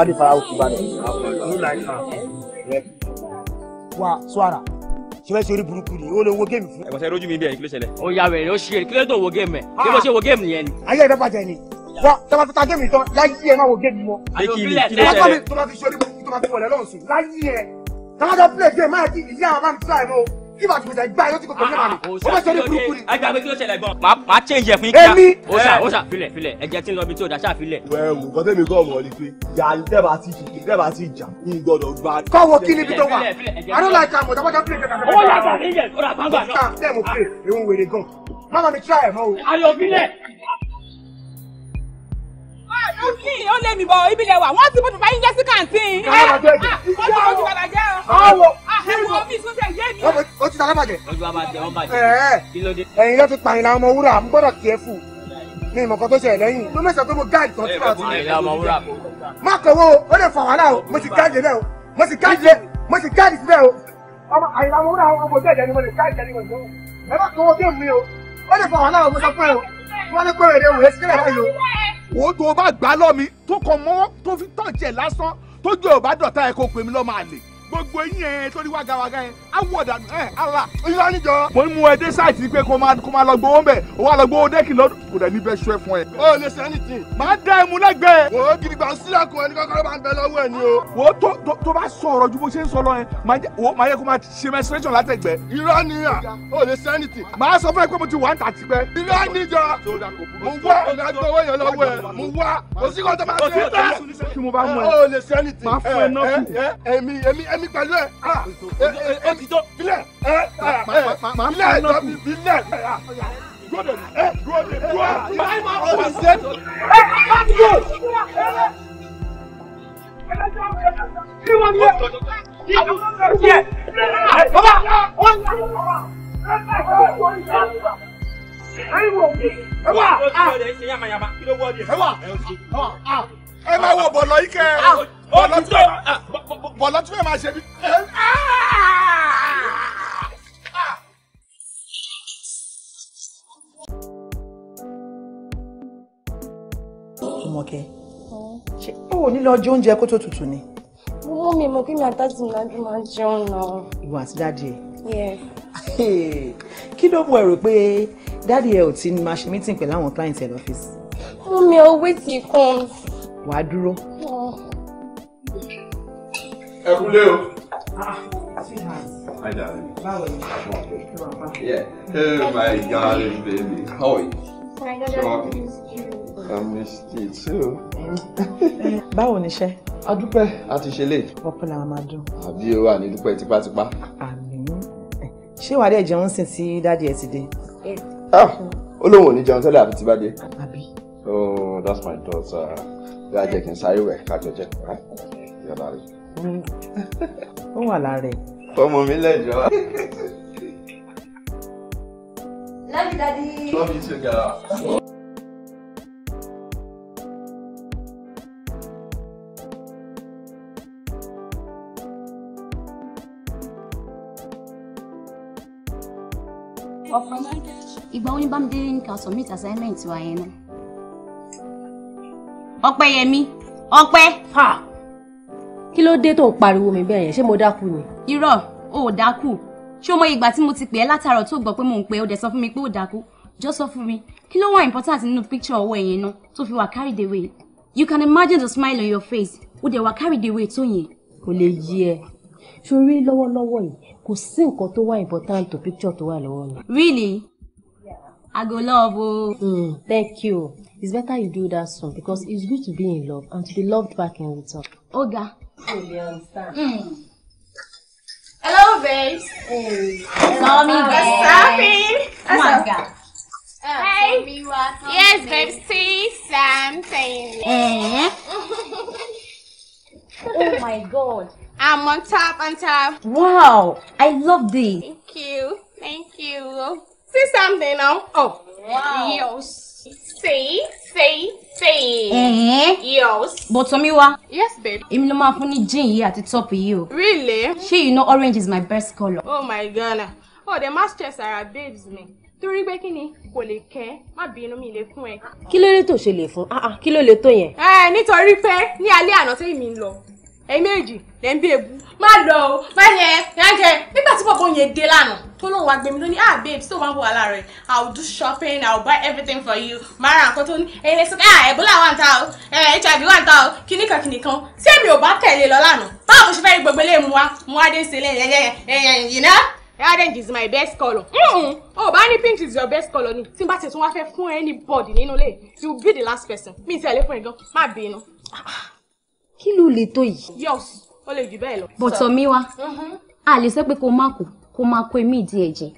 bá dé fara òkú balẹ̀. wa suara sẹbẹ sori burúkú ni o lè wo géèmù fún. ẹgbẹ́sẹ̀ rojú mi bí ẹni kí ló ṣẹlẹ̀. o ya wẹ̀rẹ̀ o ṣe é kí ló tó wo géèmù ẹ̀ kí ló ṣe wo géèmù yẹn ni. ayé ìfẹ́ bàjẹ́ ni wa tọ́ba tó ta géèmù tán láyé ẹ má wo géèmù mọ́. àti òbí lẹ̀ tẹ́lẹ̀ tọ́ba fi sori burúkú tọ́ba fi wọlé lọ́sùn láyé ẹ tọ́ba tó pilẹ̀ géèmù má yà kí ìyá àwọn bá mi tó àìmọ́ o ibà tó gbèsè gbà yóò ti kò pẹ̀lú ẹ̀ma mi ó bá sọ ní burúkú ni. ẹgbẹ́ àgbẹ̀ kí ló ṣẹlẹ̀ gbọ́n. máa máa change ẹ̀ fún yín kíá. èmi ó ṣà ó ṣà filẹ̀ filẹ̀ ẹ̀jẹ̀ tí ń lọ ibi tí ò dá ṣáà filẹ̀. wẹ́ẹ̀ wò kọ́ tẹ́mi kọ́ mọ̀ ni pé yà á tẹ́bà ti kì tẹ́bà ti jà ń gbọ́dọ̀ gba. kọ́ wo kí ni ibi tó wà I don't like am ọ̀dọ́ bá ká ó lé mi bọ̀ ibi lẹ̀ wà wọ́n ti bó bàbá yín jẹ́ sí kàǹtín. ojú bàbá jẹ́ o. ẹ̀wọ̀n ọ́fíìsì ń tẹ̀ yé mi. o ti tara bàjẹ́. ojú bàbá jẹ́ wọ́n bàjẹ́. ẹ̀yin ló ti pààyàn àwọn ọmọ wúrà n gbọ́dọ̀ kí ẹ fù ní ìmọ̀kan tó ṣẹlẹ̀ lẹ́yìn ló mẹ́sàn-án tó mo gáàdì kan tí màá ti rí. má kọ̀wé o ó lè fà wàhálà o mo ti gáàdì bẹ́ẹ̀ o mo ti gáàdì mo ti gáàdì síbẹ̀ o ọmọ àyìnlá mo wúra àwọn ọmọ ojú ẹ̀jẹ̀ ni mo lè gáàdì ẹni mo lè gbọ́ ẹ má kọ̀wé o géèmù mi o ó lè fà wàhálà o mo sọ fún ẹ o wọ́n ní kórè rẹ̀ wò é sílẹ̀ báyìí o. wo tó o bá gbá lọ́ mi tó kàn mọ́ tó fi tọ̀jẹ̀ lásán tó jẹ́ dọ̀tá ẹ̀ kó pè mí lọ́ máa gbogbo yín ẹ tó ní wàgàwàgà yẹn awọ dànù ẹ ala. ìyá níjọ. mo ń mú ẹ dé sáìtì pé kó máa kó máa lọ gbowó mbẹ o wà lọ gbowó dẹ́kì lọ́dún kò dẹ̀ níbẹ̀ ṣọ́ ẹ fún ẹ. o lè ṣe anything. máa dá ẹmu lẹ́gbẹ̀ẹ́. wò ó gidigba sílẹ̀kùn ẹni kọ́kọ́rọ́ bá ń bẹ lọ́wọ́ ẹ ni o. wò ó tó tó bá sọ̀rọ̀ ju bó ṣe ń sọ lọ yẹn máa yẹ kó máa ṣe menstruation látẹ̀gbẹ́. irọ́ ni anything. ẹ mi pẹ̀lú ẹ. o ah, ti tó. filẹ ẹ ẹ filẹ ẹ jọ mi filẹ ẹ dúró ẹ dúró de dúró. ìbáyìí máa wọ mi ẹ má ti yọ. kí wọ́n yẹ. ìlú yẹ. bàbá wọ́n yà. Ẹ wá! Ẹ máa wọ̀ bọ̀ lọ yìí bọ̀lá ah, tí fẹ́ máa ṣe bí. mọ̀kẹ́ hmm. ṣé ó ní lọ jẹ oúnjẹ kó tó tutù ni. mo mi mọ kí mi àtàtì ìlàjú máa jẹun náà. ìwọ àti dáàdi ẹ. kí ló mú ẹ rò pé dáàdi ẹ ò tí máa ṣe mítìn pẹ̀lú àwọn clients ẹ lọ́fíìsì. mo mi ò wé tí kún. wàá dúró. Oh ẹ kúlé o. Hi ah, ah, darling. Báwo ni? Yeah. Oh my darling baby. How are you? I missed you too. Báwo ni iṣẹ́? A dúpẹ́, a ti ṣe lè. Ọ̀pọ̀ làwọn máa dùn. Àbí o wà ní dúpẹ́ tipátipá. Àmín. Ṣé wàá dẹ̀ jẹun sìn tí dáàdi ẹ ti dé? Ah, ó lóun ò ní jẹun tẹ́lẹ̀ àbí ti bá dé. Àbí. Oh, that's my daughter. Bí a jẹ kí n sáré wẹ̀ ká jọ jẹ. Yọ̀dá rẹ̀. Mm. ó wà lára ẹ̀. ọmọ mi lẹ́jọ́. love you daddy. love you too girl. ìgbà oní bámidélé ní ká submit assignment wa yẹn náà. ọpẹ́yẹmí ọpẹ́. ha kí ló dé tó ń pariwo mi bẹ́ẹ̀ yẹn ṣé mo dákú ni. irọ́ o ò dákú ṣé o mọ ìgbà tí mo ti pè ẹ́ látàárọ̀ tó gbọ́ pé mò ń pè é o dẹ̀ sọ fún mi pé o dákú jọ sọ fún mi kí ló wà important nínú picture ọwọ́ ẹ̀yẹn náà tó fi wà carried away you can imagine the smile on your face o dẹ̀ wà carried away tó yẹn. kò lè yí ẹ sórí lọ́wọ́lọ́wọ́ yìí kò sí nǹkan tó wà important to picture tó wà lọ́wọ́ mi. really I go love o. Mm, thank you. It's better you do that soon because it's good to be in love and to be loved back in return. Oga. Mm. Hello, babes. Hey. Hello, mommy. What's happening? Oh what's up? Hey. Yes, babe. See something. Eh? oh my god. I'm on top, on top. Wow, I love this. Thank you. Thank you. See something now? Oh. Wow. Yo. Say, say, say. Eh. Yes. But Tomiwa. Yes, babe. Èmi ló máa fún ní jean yìí àti top yìí you. Really? She, you know orange is my best color? Oh my God. Oh, the masters are babes me. Torí pé kí ni kò ma kẹ́ má bínú mi lè fún ẹ. Kí ló lè tó ṣe lè fún? Ah, ah, kí ló lè tó yẹn? Ẹ eh, nítorí pé ní alẹ́ àná tẹ́yìn mi ń ẹ̀yin méjì lẹ́ ń bí egu. má lọ o má yẹ yànjẹ nígbà tí bọ̀bọ̀ yẹn dé lánàá tó lóun wá gbẹmí lónìí ah babe tó máa ń bọ̀ wá lára rẹ̀ i will do shopping i will buy everything for you máa ra nǹkan tó ní ẹ̀yin lẹ́sìn pé ah ebola wà ń ta o hiv eh, wà ń ta o kìnnìkan kìnnìkan tí èmi ò bá tẹ̀lé lọ lánàá báwo mo ṣe fẹ́ rí gbogbo eléyìí mu wa mu wa dé ń ṣe lẹ́yìn yìí náà orange is my best color. o bá ní pink is your best color. ni tí n bá ti tún wá fẹ́ fún anybody nínú ilé you be the last person mi ì tẹ̀lé fún ẹ gan má bínú kí ló lè tó yìí. yes ó lè jù bẹ́ẹ̀ lọ. bọ̀tọ̀ mi wá a lè sọ pé kó má kú kó máa kó èmi ìdí ẹ̀jẹ̀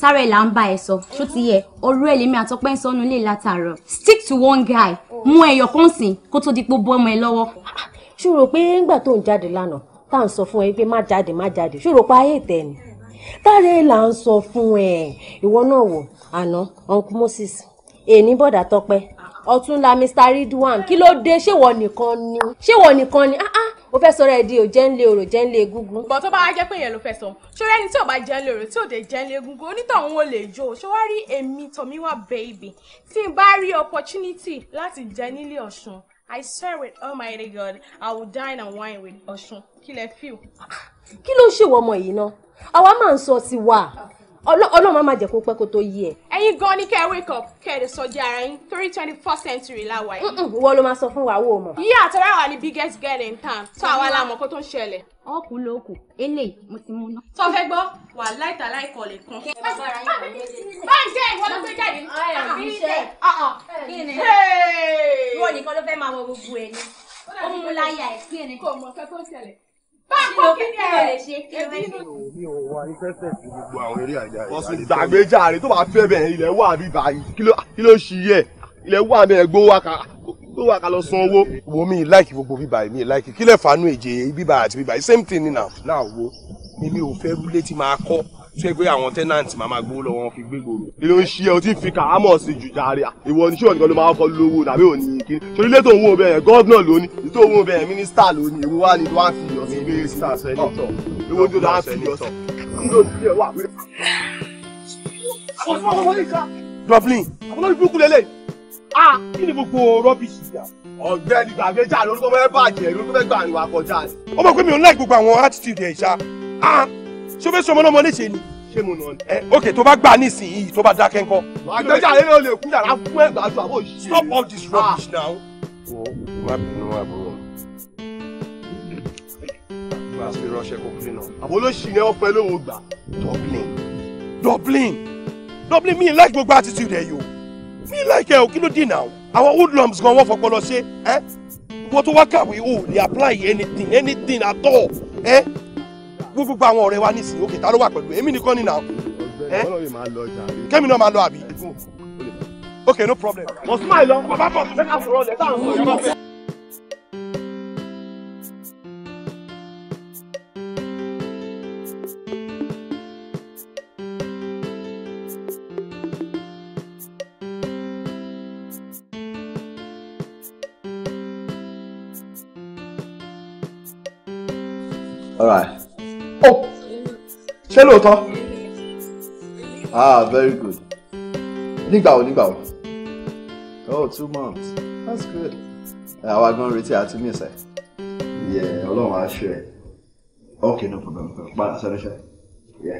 sáré là ń bá ẹ sọ ṣó ti yẹ ọ̀rọ̀ ẹ lèmi àtọpẹ́ ń sọnù lè látàárọ̀ stick to one guy oh. mú ẹyọ kan sìn kó tó di pé bọ́ ọmọ ẹ lọ́wọ́. ṣó rò pé ńgbà tó ń jáde lánàá tá à ń sọ fún ẹ pé má jáde má jáde ṣó rò pé ayé ìtẹ́ ni táre là ń sọ fún ẹ ìwọ náà wò àná uncle moses èní bọ̀dà tọpẹ́ ọ̀túnla mr ridwan kí ló dé ṣéwọ nìkan ni ṣéwọ nìkan ni ah ah o fẹ́ sọ̀rọ̀ ẹ̀ di òjẹ́ńlé orò jẹ́ńlé egungun. ìbọn tó bá wá jẹ́ pé yẹn ló fẹ́ sọ ṣọ́rọ́ ẹni tí ò bá jẹ́ńlé orò tí ò dé jẹ́ńlé egungun onítọ̀hún ò lè jó ṣé wá rí èmi tọ̀míwá baby tí n bá rí opportunity láti jẹ nílé ọ̀ṣun I swear with almighty God I will dine and wine with ọ̀ṣun kí lẹ fíw. Ah, kí ló ń ṣèwọ ọmọ yìí náà àwa máa ń sọ tiwa ọlọ́run máa jẹ́ kó pẹ́ kó tó yí ẹ̀. ẹ̀yin gan ni kẹ́ ẹ wake up kẹ́ ẹ lè sọjí ara yín torí twenty first century la wà yìí. ìwọ ló máa sọ fún wa wo mọ. yí àtọ́rẹ́ wa ni biggest girl in town tó àwa la mọ̀ kó tó ń ṣẹlẹ̀. ọkù ló kù eléyìí mo ti mú ná. tó fẹ́ gbọ́ wà láìta láìkọ lè kan. báńkì ìwọ ló gbé jáde. Ah, ah. ìwọ nìkan ló fẹ́ máa wọ gbogbo ẹ̀ ni ó mú láyà ẹ̀ kí ni. kò mọ̀ kẹ́kọ̀ọ́ ṣẹlẹ̀ báwo kí ni ẹ mi ò tó bá fẹ́ bẹ̀rẹ̀ ilẹ̀ wà bí báyìí kí ló ṣì yẹ ilẹ̀ wà bẹ́ẹ̀ gbówó àkàrà lọ san owó. wo mi like gbogbo bíbá yìí mi like kí lè fanú èjè bíbá àti bíbá same thing ni now. náà wo èmi ò fẹ́ rúlé tí máa kọ́ tó yẹ pé àwọn tenant máa máa gbowó lọ́wọ́ wọn fi gbé gbòòrò. ilé ń ṣe ọtí fi kàámọ̀ sí ju jàre à ìwọ ní ṣíwọ̀n nìkan ló máa kọ́ lówó tàbí òní kiri torí ilé tó ń wò bẹ́ẹ̀ gọ́ọ̀nà lónìí tó ń wò gbé star senator owó tó dáa sí yọ Dublin àbúrò ìbúkú lélẹ̀ ah kí ni gbogbo rọ́bìṣì yà. ọ̀gbẹ́ni gbàgbéjà ló ń tó fẹ́ bàjẹ́ ló ń tó fẹ́ gbà ní wa kọjá. ó mọ̀ pé mi ò ń láì gbogbo àwọn attitude ẹ̀ ṣá ṣé o fẹ́ sọ ọmọ náà mọ léṣe ni ṣé mo nà ẹ ok tó stop all this rubbish ah. now wàá fi ránṣẹ́ kó clean up. àbò olóṣì ni lówó gbà. Dublin Dublin Dublin mi like gbogbo attitude ẹ yìí o mi like ẹ o kí ló dì náà àwọn hoodlums gan wọ́n fọpọlọ ṣe ẹ wọ́n tó wá kàwé o lè apply anything anything at all ẹ gbogbo àwọn ọ̀rẹ́ wa nísìnyí òkè ta ló wà pẹ̀lú èmi nìkan ni náà kẹ́mi náà máa lọ àbí. okay no problem. mo smile lọ bàbá bọ̀ lẹ́ka sọ̀rọ̀ lẹ́ka sọ̀rọ̀ lẹ́ka. ṣé lóòótọ́ ah very good nígbà wo nígbà wo oh two months that's good eh, àwa gan retí àti mísẹ yẹ Ọlọ́run á ṣe ẹ ok no problem padà sẹ́nu ṣe yẹ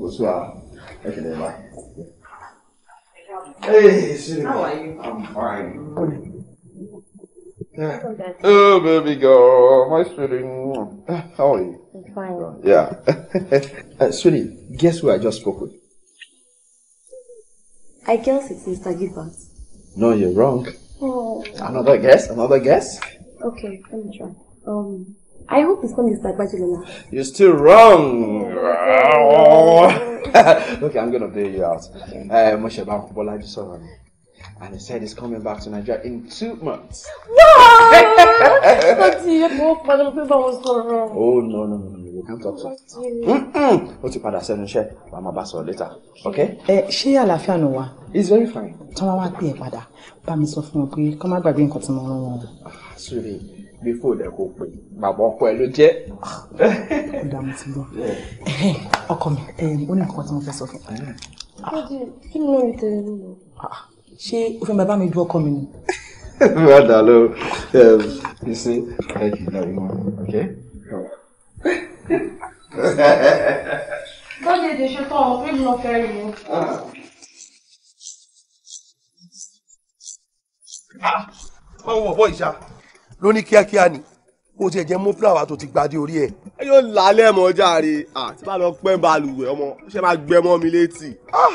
kò sí wa ẹ kìlẹ̀ báyìí. Hey, Sydney. How are you? I'm fine. Oh, baby girl, my sweetie. How are you? I'm fine. Yeah. uh, sweetie, guess who I just spoke with? I guess it's Mr. Gibbons. No, you're wrong. Oh. Another guess? Another guess? Okay, let me try. Um, I hope it's not Mr. Bajilona. You're still wrong. okay, I'm gonna bail you out. Okay. Uh, Moshe Bolaji and he said he's coming back to Nigeria in two months. oh no no no no, we can't talk so. ó ti padà sẹ́nu iṣẹ́ màmá bá sọ̀rọ̀ later okay. ẹ ṣé àlàáfíà nù wá. it's very fine. tọ́wọ́ wá pè é padà bá mi sọ fún wọn pé kọ́ má gbàgbé nǹkan tí mo rán wọn. sùrè bí fóònù ẹ kò pè bàbá ọkọ ẹ ló jẹ. ìdààmú ti gbọ́ ọkọ mi ó ní nǹkan tí mo fẹ́ sọ fún un. kí ni wọ́n ṣé o fẹ́ bàbá mi ju ọkọ mi ni. má dà ló ehm, you see thank you very much okay. bọ́dé de ṣe tán ọmọ pé mo lọ fẹ́ rí i. báwo ah, wọ̀ bọ́ ìṣá ló ní kíákíá ni ó ti ẹ̀jẹ̀ mú fúláwà tó ti gbadé orí ẹ̀. ẹ yóò lálẹ́ mọ́ jàre àti ah, bá lọ pẹ́ balùwẹ̀ ọmọ ṣe máa gbẹmọ́ mi létí. ah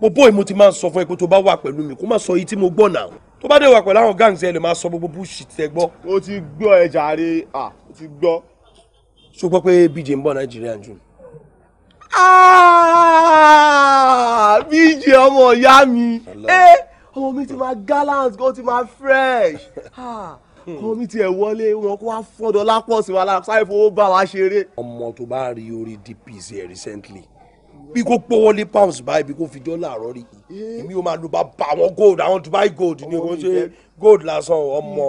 mo bóyá mo ti máa ń sọ fún ẹ pé tó bá wà pẹ̀lú mi kó má sọ yìí tí mo gbọ́ náà tó bá dé wà pẹ̀lú àwọn gangs ẹ lè máa sọ gbogbo bullshit tẹ gbọ́. o ti gbọ́ ẹ jàre ah o ti gbọ́. ṣó gbọ́ pé bj ń bọ̀ nàìjíríà jù. Ah, bj ọmọ ìyá mi ọmọ mi ti máa gallant gan ti máa fresh ah, ọmọ mi ti ẹ̀ wọlé wọn kó wá fọ́dọ̀ lápọ̀ sí wa lára sáré fowó bá wa ṣeré. ọmọ tó bá rí orí dp sí ẹ recently bí kò pọ́wọ́ lé pounds báyìí bí kò fi dọ́là àárọ̀ rí èmi ò máa lu bá bá àwọn gold àwọn Dubai gold ni kò ṣe gold lásán ọmọ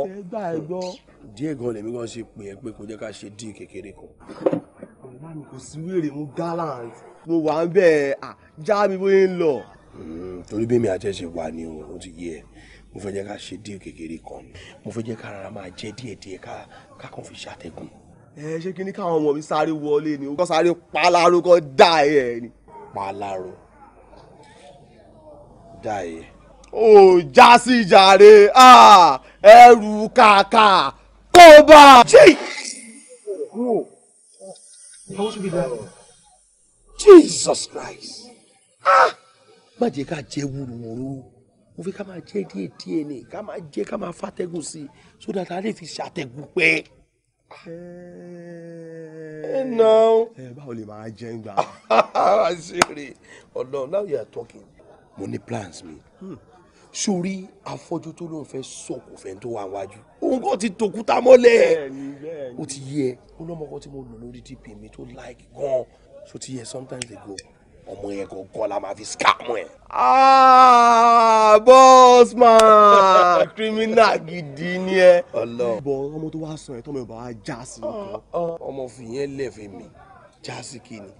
díẹ̀ gan lèmi gan ṣe pè é pé kò jẹ́ ká ṣe díì kékeré kan. ọ̀la mi kò sí wèrè mú gallant mo wà ń bẹ̀ ẹ̀ já mi bóyá ń lọ. Hmm, torí bẹ́ẹ̀ mi àjẹsẹ̀ wà ní o ó ti yé ẹ mo fẹ́ jẹ́ ká ṣe díì kékeré kan mo fẹ́ jẹ́ ká rárá máa jẹ́ díẹ̀díẹ̀ ká ká kàn fi ṣàtẹ̀gùn. ẹ ṣé kí ni káwọn ọmọ mi sáré wọlé ni o kọ́ sáré pa lárúkọ dá ẹ ni pàlàrò jàyè. ó já sí jàre ẹrù kàkà kó bá. Jesus Christ má jẹ́ ká jẹ́ wúruwúru mo fi ká máa jẹ́ díẹ̀ díẹ̀ ni ká máa jẹ́ ká máa fàtẹ́gùn sí i so that a lè fi ṣàtẹ̀gùn pẹ́ no. ẹ eh, báwo lè máa jẹ ń gbà. àṣírí ọ̀nà now you are talking. mo ní plans mi hmm. sórí afọ́jú tó lóun fẹ́ sọ̀kò fẹ́ tó wà wájú òun kò ti tòkúta mọ́lẹ̀ ó ti yẹ ó tí mo lò lórí dp mi tó like gan so ti yẹ sometimes they go ọmọ yẹn gangan la máa fi scam ẹ. Ah, boss man criminal gidi ni ẹ. ọlọ́ọ̀ ọmọ tó wá sàn ẹ tọ́mọ ìbá wa já sí i. Ah, ah. ọmọ fìyẹn lẹ̀ fẹ́ mi já sí kí ni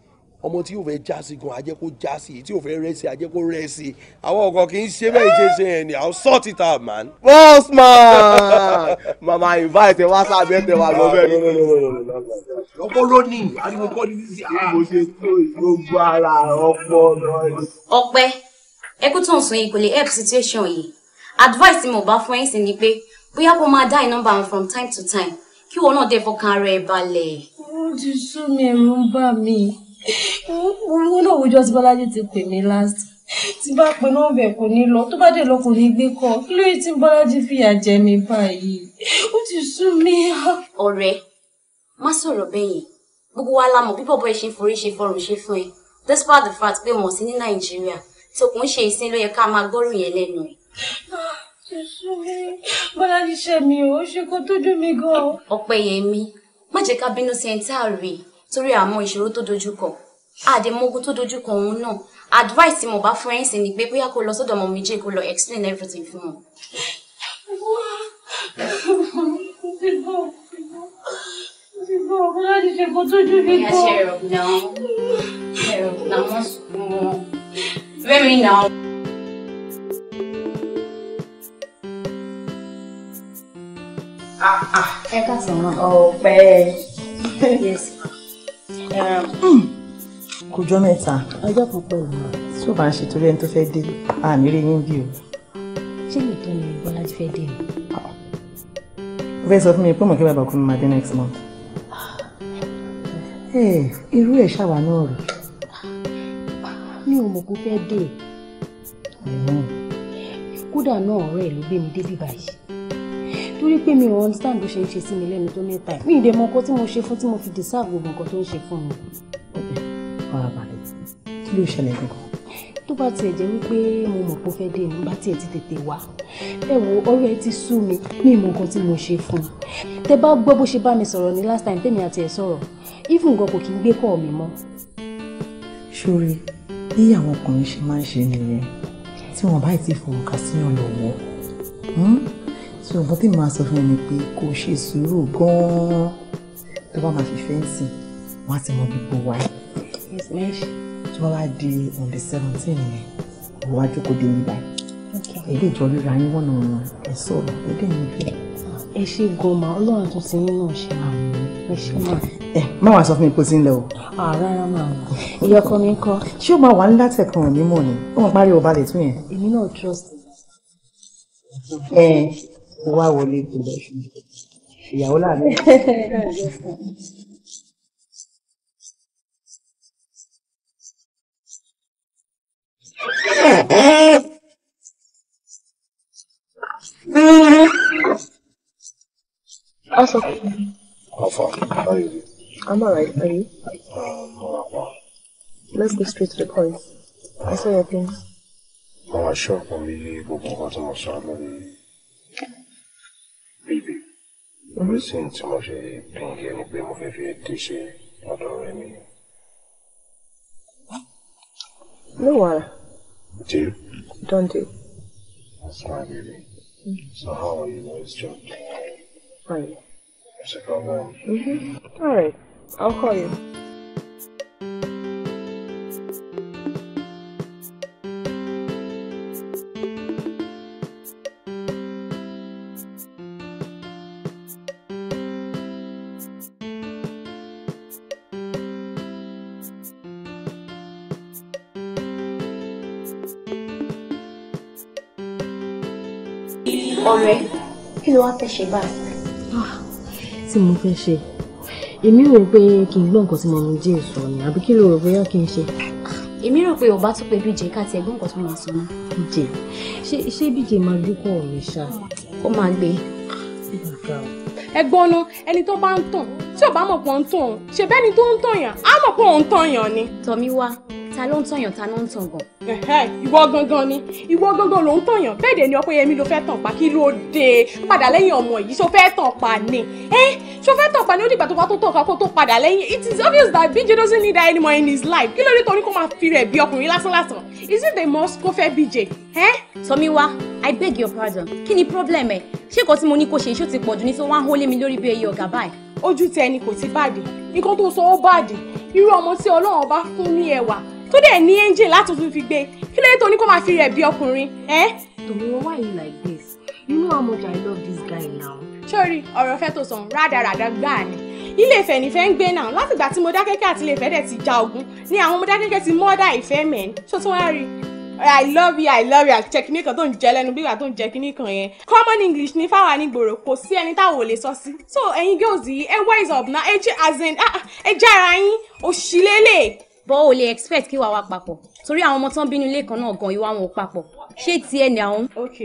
ọmọ tí yóò fẹ́ já sí gan ajẹ́ kó já sí tí yóò fẹ́ rẹ́ sí ajẹ́ kó rẹ́ sí àwọn ọkọ̀ kì í ṣe bẹ́ẹ̀ ṣe ṣe yẹn ni I'll sort it out man. boss man mama invite ẹ wá sábẹ́ tẹ wá lọ bẹ́ẹ̀ ni. ọkọ ló ní ariwo kọ́ ní sísè àwọn. Ah. mo ṣe tó gbogbo ara ọ̀pọ̀ náà. ọpẹ́ ẹkú tó ń sun yìí kò lè help situation yìí advice tí mo bá fún ẹ sí ni pé bóyá kó máa dá ìnọ́mbà wọn from time to time kí wọn náà dé fọkàn ara ẹ balẹ̀. ó ti sú mi ẹ̀rù ń bà mí wọn náà wòjọ tí Bọ́lájí ti pè mí last tí bá pe nọ́ọ̀bẹ̀ kò ní lọ tó bá dé lọ kò ní gbé kọ kí ló yẹ tí Bọ́lájí fìyà jẹ mi báyìí ó ti sú mi. ọ̀rẹ́ má sọ̀rọ̀ bẹ́ẹ̀ yẹn gbogbo wa la mọ̀ bí bọ́bọ́ ẹ ṣe ń forí ṣe fọrùn ṣe fún ẹ despite the fact pé wọ́n sí ní Nàìjíríà tó kún ṣe ìsìn ló yẹ ká máa gbọ́rù yẹn lẹ́nu ẹ̀. Bọ́lájí ṣe mi ò ṣe kó tó dùn mí gan ọ̀pẹ̀yẹmí má jẹ́ ká bínú sí ẹ̀ ń tá a rí torí àmọ́ ìṣòro tó dojúkọ àdèmógún tó dojúkọ òun náà advice tí mo bá fún ẹ̀yin sì ni pé bóyá kó lọ sọ́dọ̀ ọmọ mi jẹ́ kó lọ explain everything fún wọn. Very now. Ah ah. Ẹ ká sọ̀rọ̀. Ọ̀pẹ. Yes kò jọ mẹ́ta ọjọ́ kan pẹ̀lú mi. tí o bá ń ṣètò rẹ̀ tó fẹ́ dé àmì rẹ̀ yín bí o. ṣé lóòótọ́ ni bọ́lájí fẹ́ dé ni. o fẹ́ sọ fún mi pé mọ̀kí bàbá kún mi máa dé next month. Eh, irú ẹ̀ ṣàwà náà rè. mi ò mọ̀ kó fẹ́ dé. kódà náà ọ̀rẹ́ ẹ̀ ló gbé mi débi báyìí torí pé mi ò understand bó ṣe ń ṣe sí mi lẹ́nu tó mẹ́ta mi ì dẹ̀ mọ nǹkan tí mo ṣe fún tí mo fi deserve gbogbo nǹkan tó ń ṣe fún mi. ọbẹ̀ ọ̀rọ̀ àbàlẹ̀ kí ló ṣẹlẹ̀ gangan. tó bá tiẹ̀ jẹ́ wípé mo mọ̀ pé ó fẹ́ dé ní bá tiẹ̀ ti tètè wá ẹ wo ọ̀rọ̀ ẹ ti sú mi mi mọ nǹkan tí mo ṣe fún un tẹ bá gbọ́ bó ṣe bá mi sọ̀rọ̀ ní last time tèmi àti ẹ̀ sọ̀rọ̀ even gan kò kí ń gbé kọ́ mi mọ́. ṣúrí bí àwọn ọkùnrin ṣe máa ń ṣe nìyẹn tí wọn bá ti fòrùka sí ọ̀nà ọ̀wọ́ hmm? so nǹkan tí màá sọ fún ẹ ni pé kò ṣe sùúrù gan-an tó bá máa fi fẹ́ǹsì wọ́n á ti mọ gbogbo wa yìí tó bá di on the seventeen yẹn wọ́n wá jókòó dé nígbà ẹ̀ẹ́dẹ̀ ìjọ ríra yín wọ́n náà ẹ̀ sọ̀rọ̀ ẹ̀ẹ́dẹ̀ mi bẹ́ẹ̀. ẹ ṣe gọmà ọlọ́run tó ti yín náà ṣe àmì ẹ ṣe máa. ẹ má wàá sọ fún mi pé o ti ń lẹ o. rárá máa wọ iye ọkọ mi ń kọ. ṣé o máa wà nílá tẹ̀kan ni ó máa pariwo balẹ̀ tún yẹn. èmi náà trust. ẹ ó wá wọlé ìpínlẹ̀ ìyàwó làánú. How's up? How far? I'm alright. Are you? Um, Let's go straight to the point. I saw your things. Àwọn aṣọ ọkùnrin gbogbo nǹkan tó mọ̀ sọ lórí bèbè ó lè sí tí mo ṣe pínkì ẹni pé mo fẹ́ fi dèṣe ọ̀dọ̀ rẹ mi. no wàrà. deal. don deal. that's my baby. so how are you guys doing. fine. Check out mom. mm All right. I'll call you. wá fẹ́ ṣe báyìí. Ah, tí mo fẹ́ ṣe èmi rò pé kí n gbọ́ nǹkan tí mo mú jẹ́ sọ ni àbí kí ló rò bóyá kí n ṣe. èmi rò pé òbá tó pe bíjẹ káàtì ẹ̀gbọ́n nǹkan tó máa sọ mọ́. bíjẹ ṣé ṣé bíjẹ máa gbé kọ́ mi ṣá. ó máa gbé. ẹ̀gbọ́n nu ẹni tó bá ń tàn tí ò bá mọ̀ pọ̀ ń tàn ṣe bẹ́ẹ̀ ni tó ń tàn yàn á mọ̀ pọ̀ ń tàn yàn ni. tọ́mi wá ta ló ń tọ̀yàn ta ló ń tàn gan. ìwọ gangan ni ìwọ gangan ló ń tọ̀yàn bẹ́ẹ̀ dẹ̀ ni Ọpẹ́yẹmí ló fẹ́ tàn pa kí ló dé padà lẹ́yìn ọmọ yìí ṣó fẹ́ tàn pa ni ṣó fẹ́ tàn pa ni ó dìgbà tó bá tó tàn ká kó tó padà lẹ́yìn it is obvious that BJ doesn't need her anymore in his life kí ló dé torí kó máa fi rẹ̀ bí ọkùnrin lásán lásán is it the most kó fẹ́ BJ. Tọ́míwá I beg your pardon kí ni problem ẹ ṣé kò tí mo ní kó ṣe iṣó ti pọ̀jù ní tí wọ́n á hó lé mi lórí bí ẹyẹ ọ̀gá báyìí. ojú tẹni kò ti bàdé nǹkan tó sọ ó bàdé irú ọmọ tí Ọlọ́run bá fún ní ẹwà tó dẹ̀ ní angel láti fi gbé kí lóye tó ní kó máa fi rẹ̀ bí ọkùnrin. tòun why you like this you know how much I love this guy now. sórí ọ̀rọ̀ fẹ́ tó sàn rádaràda gbáà ni ilé Ifẹ̀ nífẹ̀ẹ́ ń gbé náà látìgbà tí Mọdákẹ́kẹ́ àti Ilé Ifẹ̀ dẹ̀ ti ja ogun ni àwọn Mọdákẹ́kẹ́ ti mọ́dà ìfẹ́ mẹ́ni tó tún wá rí i love you i love you àti jẹ́kíní kan tó ń jẹ lẹ́nu bí ìgbà tó ń jẹ́kíní kan yẹn common english ní fáwọn anígboro kò sí ẹni táwọn ò lè sọ sí. so ẹ̀yin girls yìí ẹ wise up na ẹ jẹ́ as in ah, ah, ẹ jára yín òṣìlélẹ̀ bọ́ o lè expect kí wà wá papọ̀ torí àwọn ọmọ tán bínú ilé kan náà gan ìwà wọn ò papọ̀ ṣé e ni àwọn. ok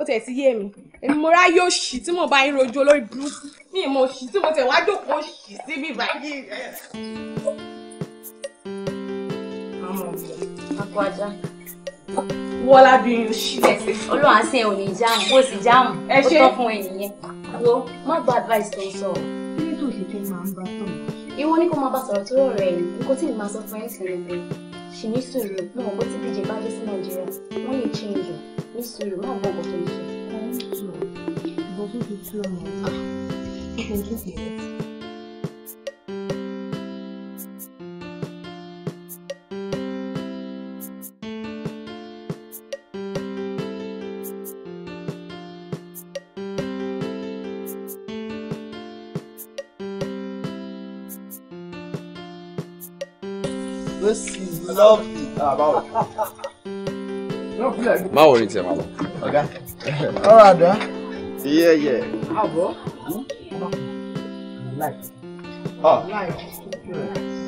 ó tẹ̀ sí yé mi èmi mo ráyè òṣì tí mo bá yín rojú olórí burúkú mi ì mọ òṣì tí mo tẹ̀ wá jókòó òṣì síbi báyìí. àmọ́ akọ ajá wọ́lá bí irun sílẹ̀ sí. olóhùn àti ẹ̀ ò ní jáàmù bó sì jáàmù ó tọ́ fún ẹ nìyẹn. wo má gba advice tó ń sọ. kí ló tó ṣe fẹ́ máa ń bá tó ń ìwọ ní kó máa bá sọ̀rọ̀ tó rọ̀ rẹ̀ yìí nǹkan tí mi máa sọ fún ẹ̀ sí ni pé ṣì ní sùúrù mo mọ̀ bó ti díje bá dé sí nàìjíríà wọ́n lè change o ní sùúrù má gbọ́ ọ̀gbọ̀n tó ń sọ. ọ̀hún tù ọ̀ ìbọn tó ti tú ọ̀rọ̀ ọ̀hún. báwo ni tiẹ̀ máa lọ. ọ̀gá ọ̀rọ̀ àdá. iye yẹ. àbọ̀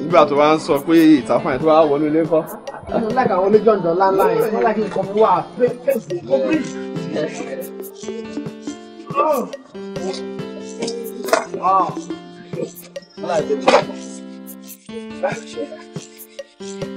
nígbà tó wá ń sọ pé ìtàkùn ẹ̀ tó wá wọnú ilé kọ́. mo láìka àwọn oníjọ́njọ́ ńláńlá yẹn mo láìka nǹkan mi wà fèsì kó bí. Wow.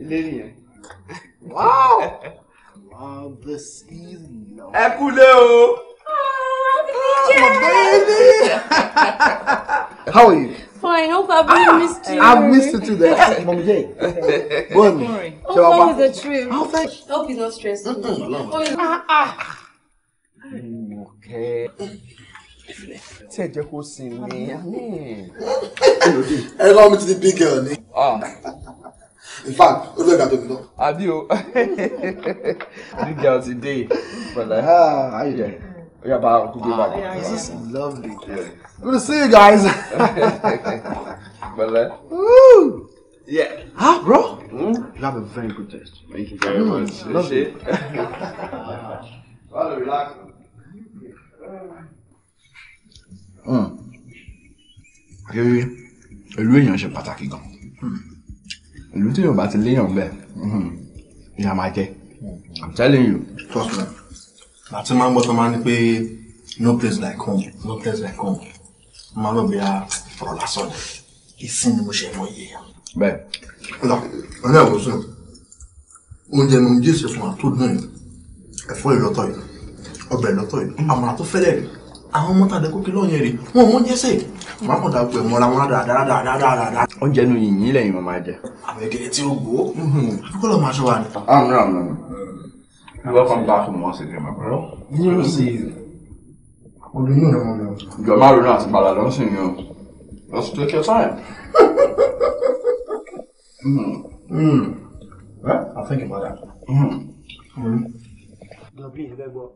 ilé nìyẹn. ẹ kúlé o. How are you? Fine, hope I've really ah, missed you. I've missed you too, there. Mom J. Bon. Don't worry. Hope is the trip. How far? Hope he's not stressed. Mm -mm, oh, Ah, ah. Mm, okay. Tẹ́ jẹ́ kó sinmi. Hmm. Ẹ lọ́ mi ti di big girl ni. Ah in fact ó fẹ́ ga tóbi lọ. Adio. o new girl today but like ah how you doing. Yeah, but I'll go back. Yeah, this is lovely. Yeah. Good to see you guys. but like, Woo! Yeah. Ah, bro? Mm? You have a very good taste. Thank you very mm, much. Love it. well, relax. Mm. Ìlú èèyàn ṣe pàtàkì gan ìlú tí yorùbá ti léèyàn bẹ́ẹ̀ ìyá mhm, máa jẹ i'm telling you. trust me àti máa ń gbọ́ tó máa ń ní pé no place like home no place like home máa lọ bí a ọ̀rọ̀ lásán ni ìsìn ni mo ṣe mọ iye. bẹ́ẹ̀. ọ̀la ọ̀la ìwòsàn oúnjẹ mi ò jí ìṣe fún wa tó dùn yìí ẹ̀fọ́ ìlọ́tọ̀ yìí ọbẹ̀ ìlọ́tọ̀ yìí àmàlà tó fẹ́lẹ̀ yìí àwọn ọmọ tàdé kókè lọ́yìn rè wọn mọ jẹ́sẹ̀ máa kàn dàgbẹ́ mọ́ra wọn dáadáa. oúnjẹ nu yìnyín lẹ́yìn wọn máa jẹ. àbẹ̀kẹ̀rẹ̀ tí ó gbó àbíkọ́ lọ́ọ́ máa ṣọ́ wa ni. i'm not i'm welcome back home once again my brother. you know see ọdún yìí ò náà mọ̀ mi o. ìjọba ronú àti bàlá lọ́sìn yìí o just take your time. mm. Mm. Well, I'll think about that. Mm-hmm. Mm. Mm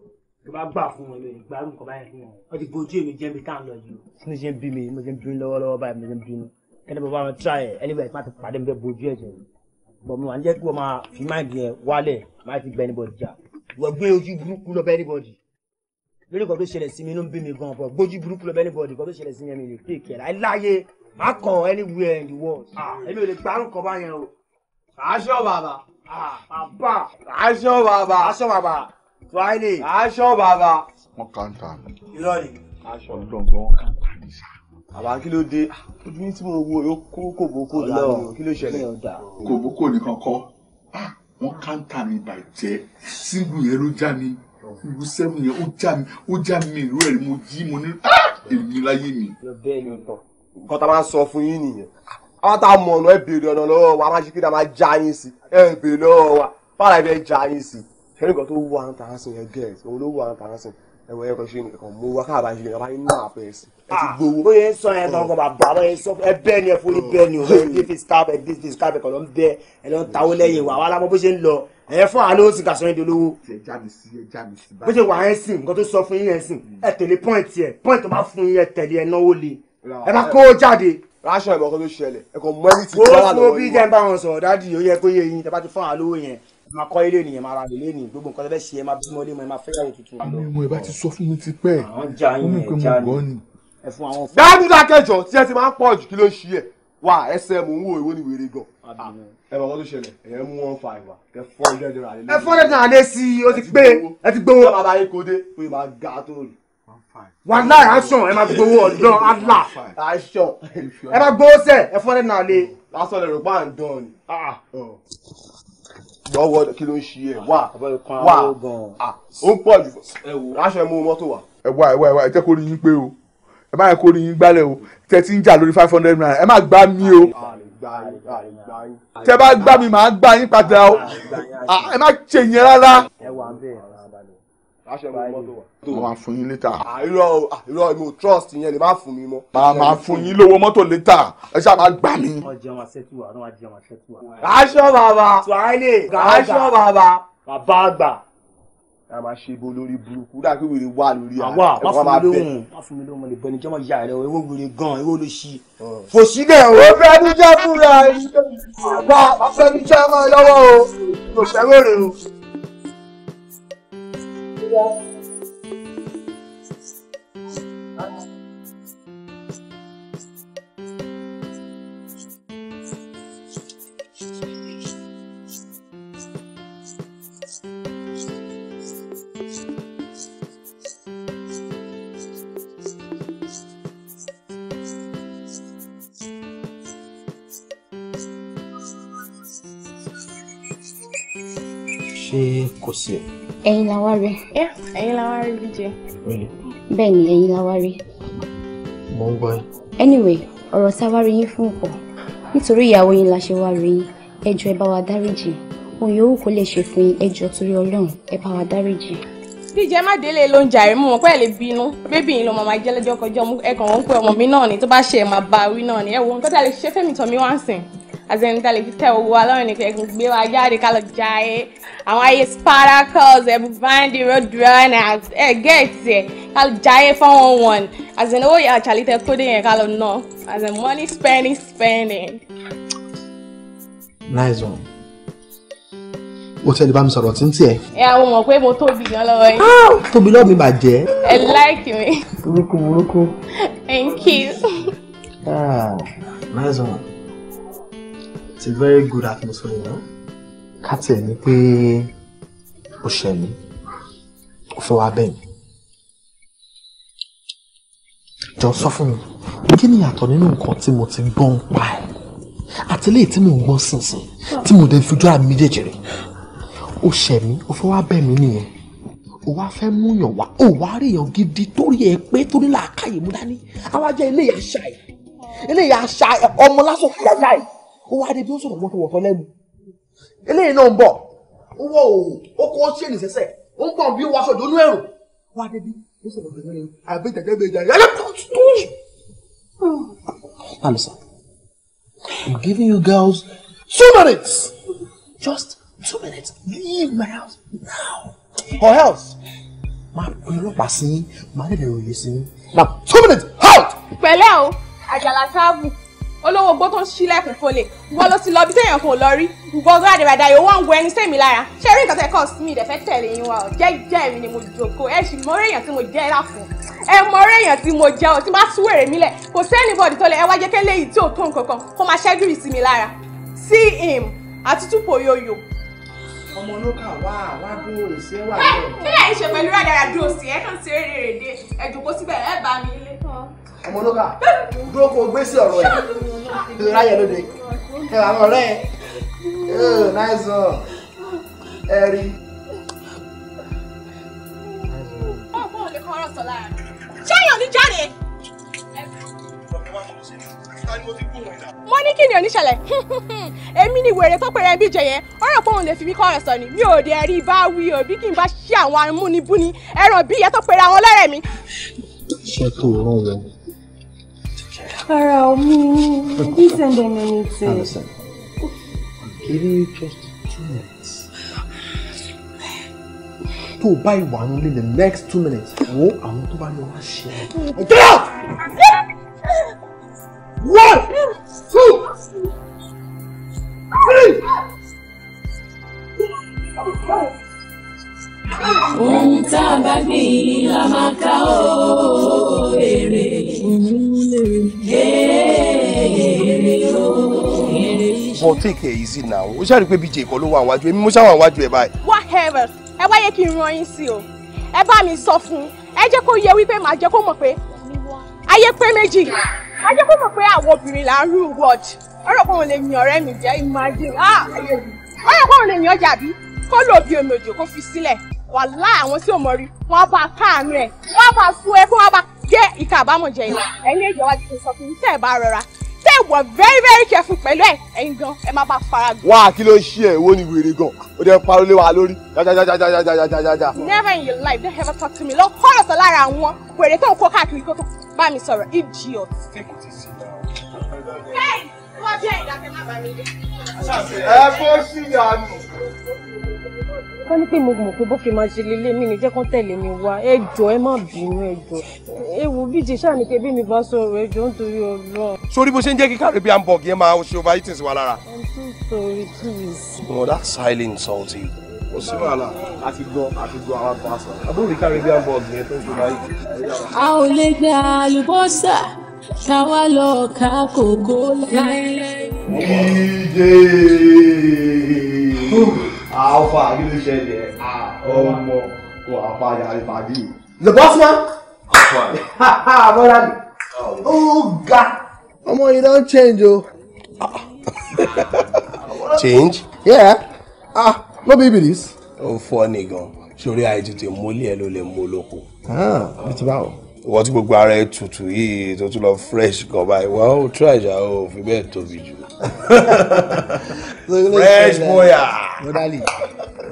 tó bá gbà fún wọn lóyún gbàrú nǹkan báyìí fún wọn wọn ti gbojú èmi jẹ́bi tá à lọ yìí o. mo ṣe ń bí mi mo ṣe ń bínú lọ́wọ́lọ́wọ́ báyìí mo ṣe ń bínú kẹ́lẹ́ bàbá wọn tíra ẹ̀ ẹni bẹ̀rẹ̀ pàtó pàdé mi fẹ́ bojú ẹ̀ jẹ́ bọ̀ mo máa ń jẹ́ kí wọ́n máa fi máa gbìn wálẹ̀ máa ti gba anybody jà wọ́n gbé ojú burúkú lọ bá anybody lórí kan tó ṣẹlẹ̀ sí mi inú bí mi gan bọ̀ gbójú burúkú lọ bá anybody kan tó ṣẹlẹ̀ sí mi mi lè take care láyé má kàn anywhere in the world ah, èmi ò lè gbárùn kan báyẹn o. aṣọ bàbà ah, aṣọ bàbà aṣọ bàbà. Friday. aṣọ bàbá. wọn kà ń ta ni. irọ́ ni. aṣọ ọlọ́gbọ́n wọn kà ń ta ni sá. bàbá kí ló dé ojú tí mo wo yóò kó kòbókò dání o kí ló ṣẹlẹ̀. kòbókò nìkan kọ́ wọn kà ń ta ni bàjẹ́ síngù yẹn ló já mi irú sẹ́mu yẹn ó já mi ó já mi ìrú ẹ̀ mo jí mo ní èmi láyé mi. nǹkan tá a máa ń sọ fún yín nìyẹn àwọn tá a mọ̀ ọ̀nà ẹ̀ béèrè ọ̀nà lọ́wọ́ wa máa ṣe kí ni a máa já yín sí ẹ̀ béèrè lọ́wọ́ ṣẹ́ni kan tó wú àwọn tàǹsìn yẹn gẹ̀ẹ́sì òun ló wú àwọn tàǹsìn ẹwọ ẹkọ ṣe ní ẹkọ mú wa káàbá ṣe ìjọba yín náà pẹ sí. ẹ ti ah! gbowó. ó yẹ ń sọ yẹn kankan bàbá ó yẹ ń sọ ẹ bẹ́ẹ̀ ni ẹ forí bẹ́ẹ̀ ni o ẹ fi scarf ẹ fi scarf ẹ kàn ló ń bẹ ẹ lọ ń tawó lẹ́yìn wa wàhálà mọ bó ṣe ń lọ ẹ fún àlọ́ òsì kàṣọ yẹn dolówó. ẹ já mi sí ẹ já mi sí. bó ṣe wà ẹ sìn nǹkan tó sọ fún yín ẹ sìn ẹ tẹ̀lé point yẹ point tó bá fún yín ẹ tẹ̀lé ẹ náwó le ẹ bá kó jáde. ráṣọ ìbọn kan tó ṣẹlẹ̀ ẹ kàn mọ ẹbí ti ma kọ́ ilé nìyẹn ma ra ilé nìyẹn gbogbo nǹkan tẹ́lẹ̀ ṣe ẹ ma bímọ ilé mọ ẹ ma fẹ́ yàwó tuntun. àmì ìwọ̀n ẹ bá ti sọ fún mi ti pẹ́ ẹ̀ àwọn jà yín ẹ̀ jà yín ẹ fún àwọn. dáadúró akẹ́jọ tí ẹ ti máa ń pọ̀ jù kí ló ṣí ẹ̀ wá ẹsẹ̀ mò ń wo ìwé ni wèrè gan. Ah, ẹ bá wọn tó ṣẹlẹ̀ ẹ mú wọn fa ìwà ẹ fọ́ ẹ̀dẹ̀ dẹ̀ rà lé. ẹ fọ́ ẹ̀dẹ̀ dẹ̀ rà lé sí i ó ti gbé ẹ ti gbowó. bàbá yìí kò dé pé màá ga tó rì wà láì aṣọ ẹ máa gbowó ọdún àlà aṣọ ẹ máa gbowó sẹ ẹ fọ́nrẹ́ náà lé. lásán lè rò pa à ń dán ni. Ah, ah. Oh lọ́wọ́ kí ló ń ṣe ẹ̀ wà wà ó ń pọ̀ jù láṣẹ mú mọ́tò wà. ẹ wá ẹ wá ẹ wá ẹ jẹ́ kó rí yín pé o ẹ má yẹ kó rí yín gbálẹ̀ o tẹ ti ń jà lórí five hundred naira ẹ má gbá mi o tẹ bá gbá mi màá gbá yín padà o ẹ má ṣe yẹn rárá. ẹ wà mo máa fún yín létà. àìrọ àìrọ mi ò trust yẹn lè má fún mi mọ́. màá máa fún yín lówó mọ́tò létà ẹ ṣáà máa gbà mí. aṣọ bàbá tuwale aṣọ bàbá bàbá àgbà. a máa ṣe ibo lórí burúkú dáa kí wèrè wà lórí àwa ẹ wọ́n máa bẹ̀. má fún mi lóhùn mo lè bọ ẹni jọmọ ìyá rẹ o ewo wèrè gan ewo ló ṣí. fòṣì dẹ̀ o fẹ́ níjà fúnra ẹ̀ bá fẹ́ níjà máa lọ́wọ́ o kò fẹ́ wèrè o. Chico Silva. ẹ̀yin la wá rí. ẹ̀yin la wá rí bíjẹ. bẹ́ẹ̀ ni ẹ̀yin la wá rí. mo ń gbọ́ ẹ. anyway ọ̀rọ̀ tá a wá rí yín fún pọ̀ nítorí ìyàwó yín la ṣe wá rí yín ẹ jọ̀ọ́ ẹ bá wa dáríjì òun yòówù kó lè ṣe fún yín ẹ jọ̀ọ́ torí Ọlọ́run ẹ bá wa dáríjì. bíjẹ má délé ló ń jàre mú wọn pẹ́ lè bínú bébì yín ló máa jẹ́ lọ́jọ́ kọjọ́ ẹ kàn pé ọmọ mi náà ni tó bá ṣe ẹ̀ máa bá wí náà ni ẹ wo nǹkan tá a lè ṣe fẹ́mi tán mi wá ń sìn azẹ́nitá lè fi tẹ́ owó wa lọ́rùn nìkan ẹ̀kún gbé wa jáde ká lọ jayé àwọn ayé sparkles ẹ̀bù bandi road runners ẹ̀ gẹ̀ẹ́tì ẹ̀ ká lọ jayé four one one azẹ́n owó yà àtsàlítẹ́ kóde yẹn ká lọ ná azẹ́n money spending spending. nice one o tẹ́lẹ̀ bá mi sọ̀rọ̀ tí ń tiẹ̀. ẹ àwọn mọ̀ pé mo tóbi gan lọ́wọ́ yín. Ah, tóbi lọ́ọ̀ mi bàjẹ́. ẹ like mi. burúkú burúkú. thank you. ah nice one. It's a very good atmosphere, now. know. Ká tiẹ̀ ní pé ó ṣẹ̀ mí, ó fẹ́ wá bẹ́ẹ̀ mi. Jọ sọ fún mi, kí ni ìyàtọ̀ nínú nǹkan tí mo ti gbọ́ ń pa ẹ̀? Àti léyìí tí mò ń gbọ́ sínsìn, tí mo dẹ̀ fojú àmì méjèèjì rẹ̀. Ó ṣẹ̀ mí, ó fẹ́ wá bẹ́ẹ̀ mi nìyẹn. Ó wá fẹ́ mú yàn wá, ó wá rí èèyàn gidi torí ẹ̀ pé torí làákàyè mú dání. Àwa jẹ́ ilé ìyá àṣà ẹ̀, ilé ìyá ọmọ lásán kúrò láì ó wá débi ó sọ̀rọ̀ wọ́tọ̀wọ́tọ̀ lẹ́nu eléyìí náà ń bọ̀ ó wọ òòrùn ó kó ṣé ní ó ń pọ̀ bí ó waṣọ ìdónú ẹ̀rù wá débi ó sọ̀rọ̀ pẹ̀lú ẹ̀rù àbí tẹ̀tẹ̀ bẹ́ẹ̀ jà yálẹ̀ Alisa, I'm giving you girls two minutes. Just two minutes. Leave my house now. Or else, máa pe ọlọ́pàá sí yín, máa lè ròyìn sí yín. Now, two minutes, out! Pẹ̀lẹ́ o, àjàlá sáàbù, olówó gbó tó ń ṣílẹ̀kùn fọlẹ̀ wọ́n lọ sí lọ bí téèyàn kò lọ rí gbọ́ngàn àdìbàdà yòówó ń gun ẹni sẹ́mi lára ṣé rí nǹkan tẹ́ kọ́ sí mi ìdẹ̀fẹ́ tẹ̀lé yín wa ọ̀ jẹ́jẹ́ mi ni mo jókòó ẹ sì mọ̀rẹ́ èèyàn tí mo jẹ́ láfún ẹ mọ̀rẹ́ èèyàn tí mo jẹ́ ọ tí má súwèrè mi lẹ̀ kò sẹ́ni bọ́ọ̀dì tó lẹ̀ ẹ wá jẹ́ kẹ́lẹ́ yìí tí ò tó nǹkan kan kó máa ṣẹ́gìrì sí mi lára see him àtútù pòyoyo. ọmọ olóka wá wá bóore ṣé wà lọ. kí lẹ́yìn ṣe pẹ̀lú rádàrà dúró sí ẹ kàn sí eré rèé ẹ jòkó síbẹ̀ ẹ bá mi ilé. ọmọ olóka dúró kó gbé sí ọ̀rọ̀ ẹ̀ láyẹ̀ lóde ẹ làwọn ọ̀rẹ́ ẹ nice one ẹ rí. ọ̀pọ̀ ò lè kọ́ ọ̀rọ̀ sọ lára ṣé èèyàn ní jáde. mo ní kí ni oníṣẹ̀lẹ̀ èmi ni wèrè tó pèrè ẹbí jẹ yẹn ọ̀rọ̀ pé òun lè fi mí kọ́ ọ̀rọ̀ sọ ni mi ò dé rí bá wí òbí kí n bá ṣí àwọn amúnibúni ẹran bí ìyẹn tó pèrè àwọn ọlọ́rẹ̀ mi. iṣẹ́ tó rán wọn Ara me, he send them anything. Understand. I'm giving you just two minutes. to buy one ìwà the next two minutes, Oh, àwọn tó bá ní wá ṣe é. Get out! One, two, three ohun tá a bá gbìn la máa ká ó èrè èrè ó èrè. but take it easy now ó ṣàrí pé bíjì ìkọ́ ló wà wájú èmi mo ṣàwọn àwájú ẹ̀ báyìí. whatever ẹ wáyé kí n ran yín sí o ẹ bá mi sọ fún un ẹ jẹ́ kó yẹ wípé màá jẹ́ kó mọ̀ pé ayé pé méjì màá jẹ́ kó mọ̀ pé àwọn obìnrin là ń rú word ọ̀rọ̀ kan ò lè yàn ọ̀rẹ́ mi jẹ́ imagine ọ̀rọ̀ kan ò lè yàn ọjà kó lò bí omi òjò kó fi sílẹ̀ wàhálà àwọn tí ò mọ̀ rí wọ́n bá káàánú ẹ̀ wọ́n bá fún ẹ fún wọn bá gé ìka àbámọ̀ jẹ yìí ẹ̀yin èjì wájú ti sọ fún tẹ́ ẹ̀ bá rọra tẹ́ ẹ̀ wọ̀ very very careful pẹ̀lú ẹ̀ ẹ̀yin gan ẹ má bá fara gùn. wá kí ló ń ṣe ẹ wo ni wèrè gan ó dẹ parọ́ lé wa lórí jajajajajajajajaja. never in your life don't ever talk to me lọ kọ́ ọ̀sán lára àwọn wèrè tó ń kó káàkiri kó tó bá mi sọ̀rọ̀ idiot. ẹ bó ṣì yà nù ká ní pé mo mọ̀ pé bó fi máa ṣe lélẹ̀ mí ni jẹ́ kán tẹ̀lé mi wá ẹ ẹ má bínú ẹ jọ̀ọ́ ewu bíje ṣáà ní pé bí mi bá sọ̀rọ̀ ẹ nítorí Ọlọ́run. sórí bó ṣe ń jẹ́ kí Caribbean bug yẹn máa ṣe ovaritis wa lára. I'm so sorry please. no that's highly insulting. kò sí wàhálà àti gbọ́ àti gbọ́ àwọn àgbà sọ àbúrò rí Caribbean bug yẹn tó ń ṣe ovaritis. a ò lè gba àlùbọ́sà káwá lọ ká kòkó láéláé àfa kí ló ṣẹlẹ̀ omo ko àfa ya ìpàdé yìí. the boss man. àfa yìí. bọ́lá mi. ó ga. omo you don change o. change? yeah. ah no be be this. Oh fọ́ ni gan-an sórí àìtètè mólé ẹ ló lè mú olóko. ah bí ti báwo wọ́n tí gbogbo ara ẹ tutù yìí tó tún lọ fresh gan báyìí wọ́n ò tún àjà ò fi bẹ́ẹ̀ tóbi jù. fresh boya. mọ́dálì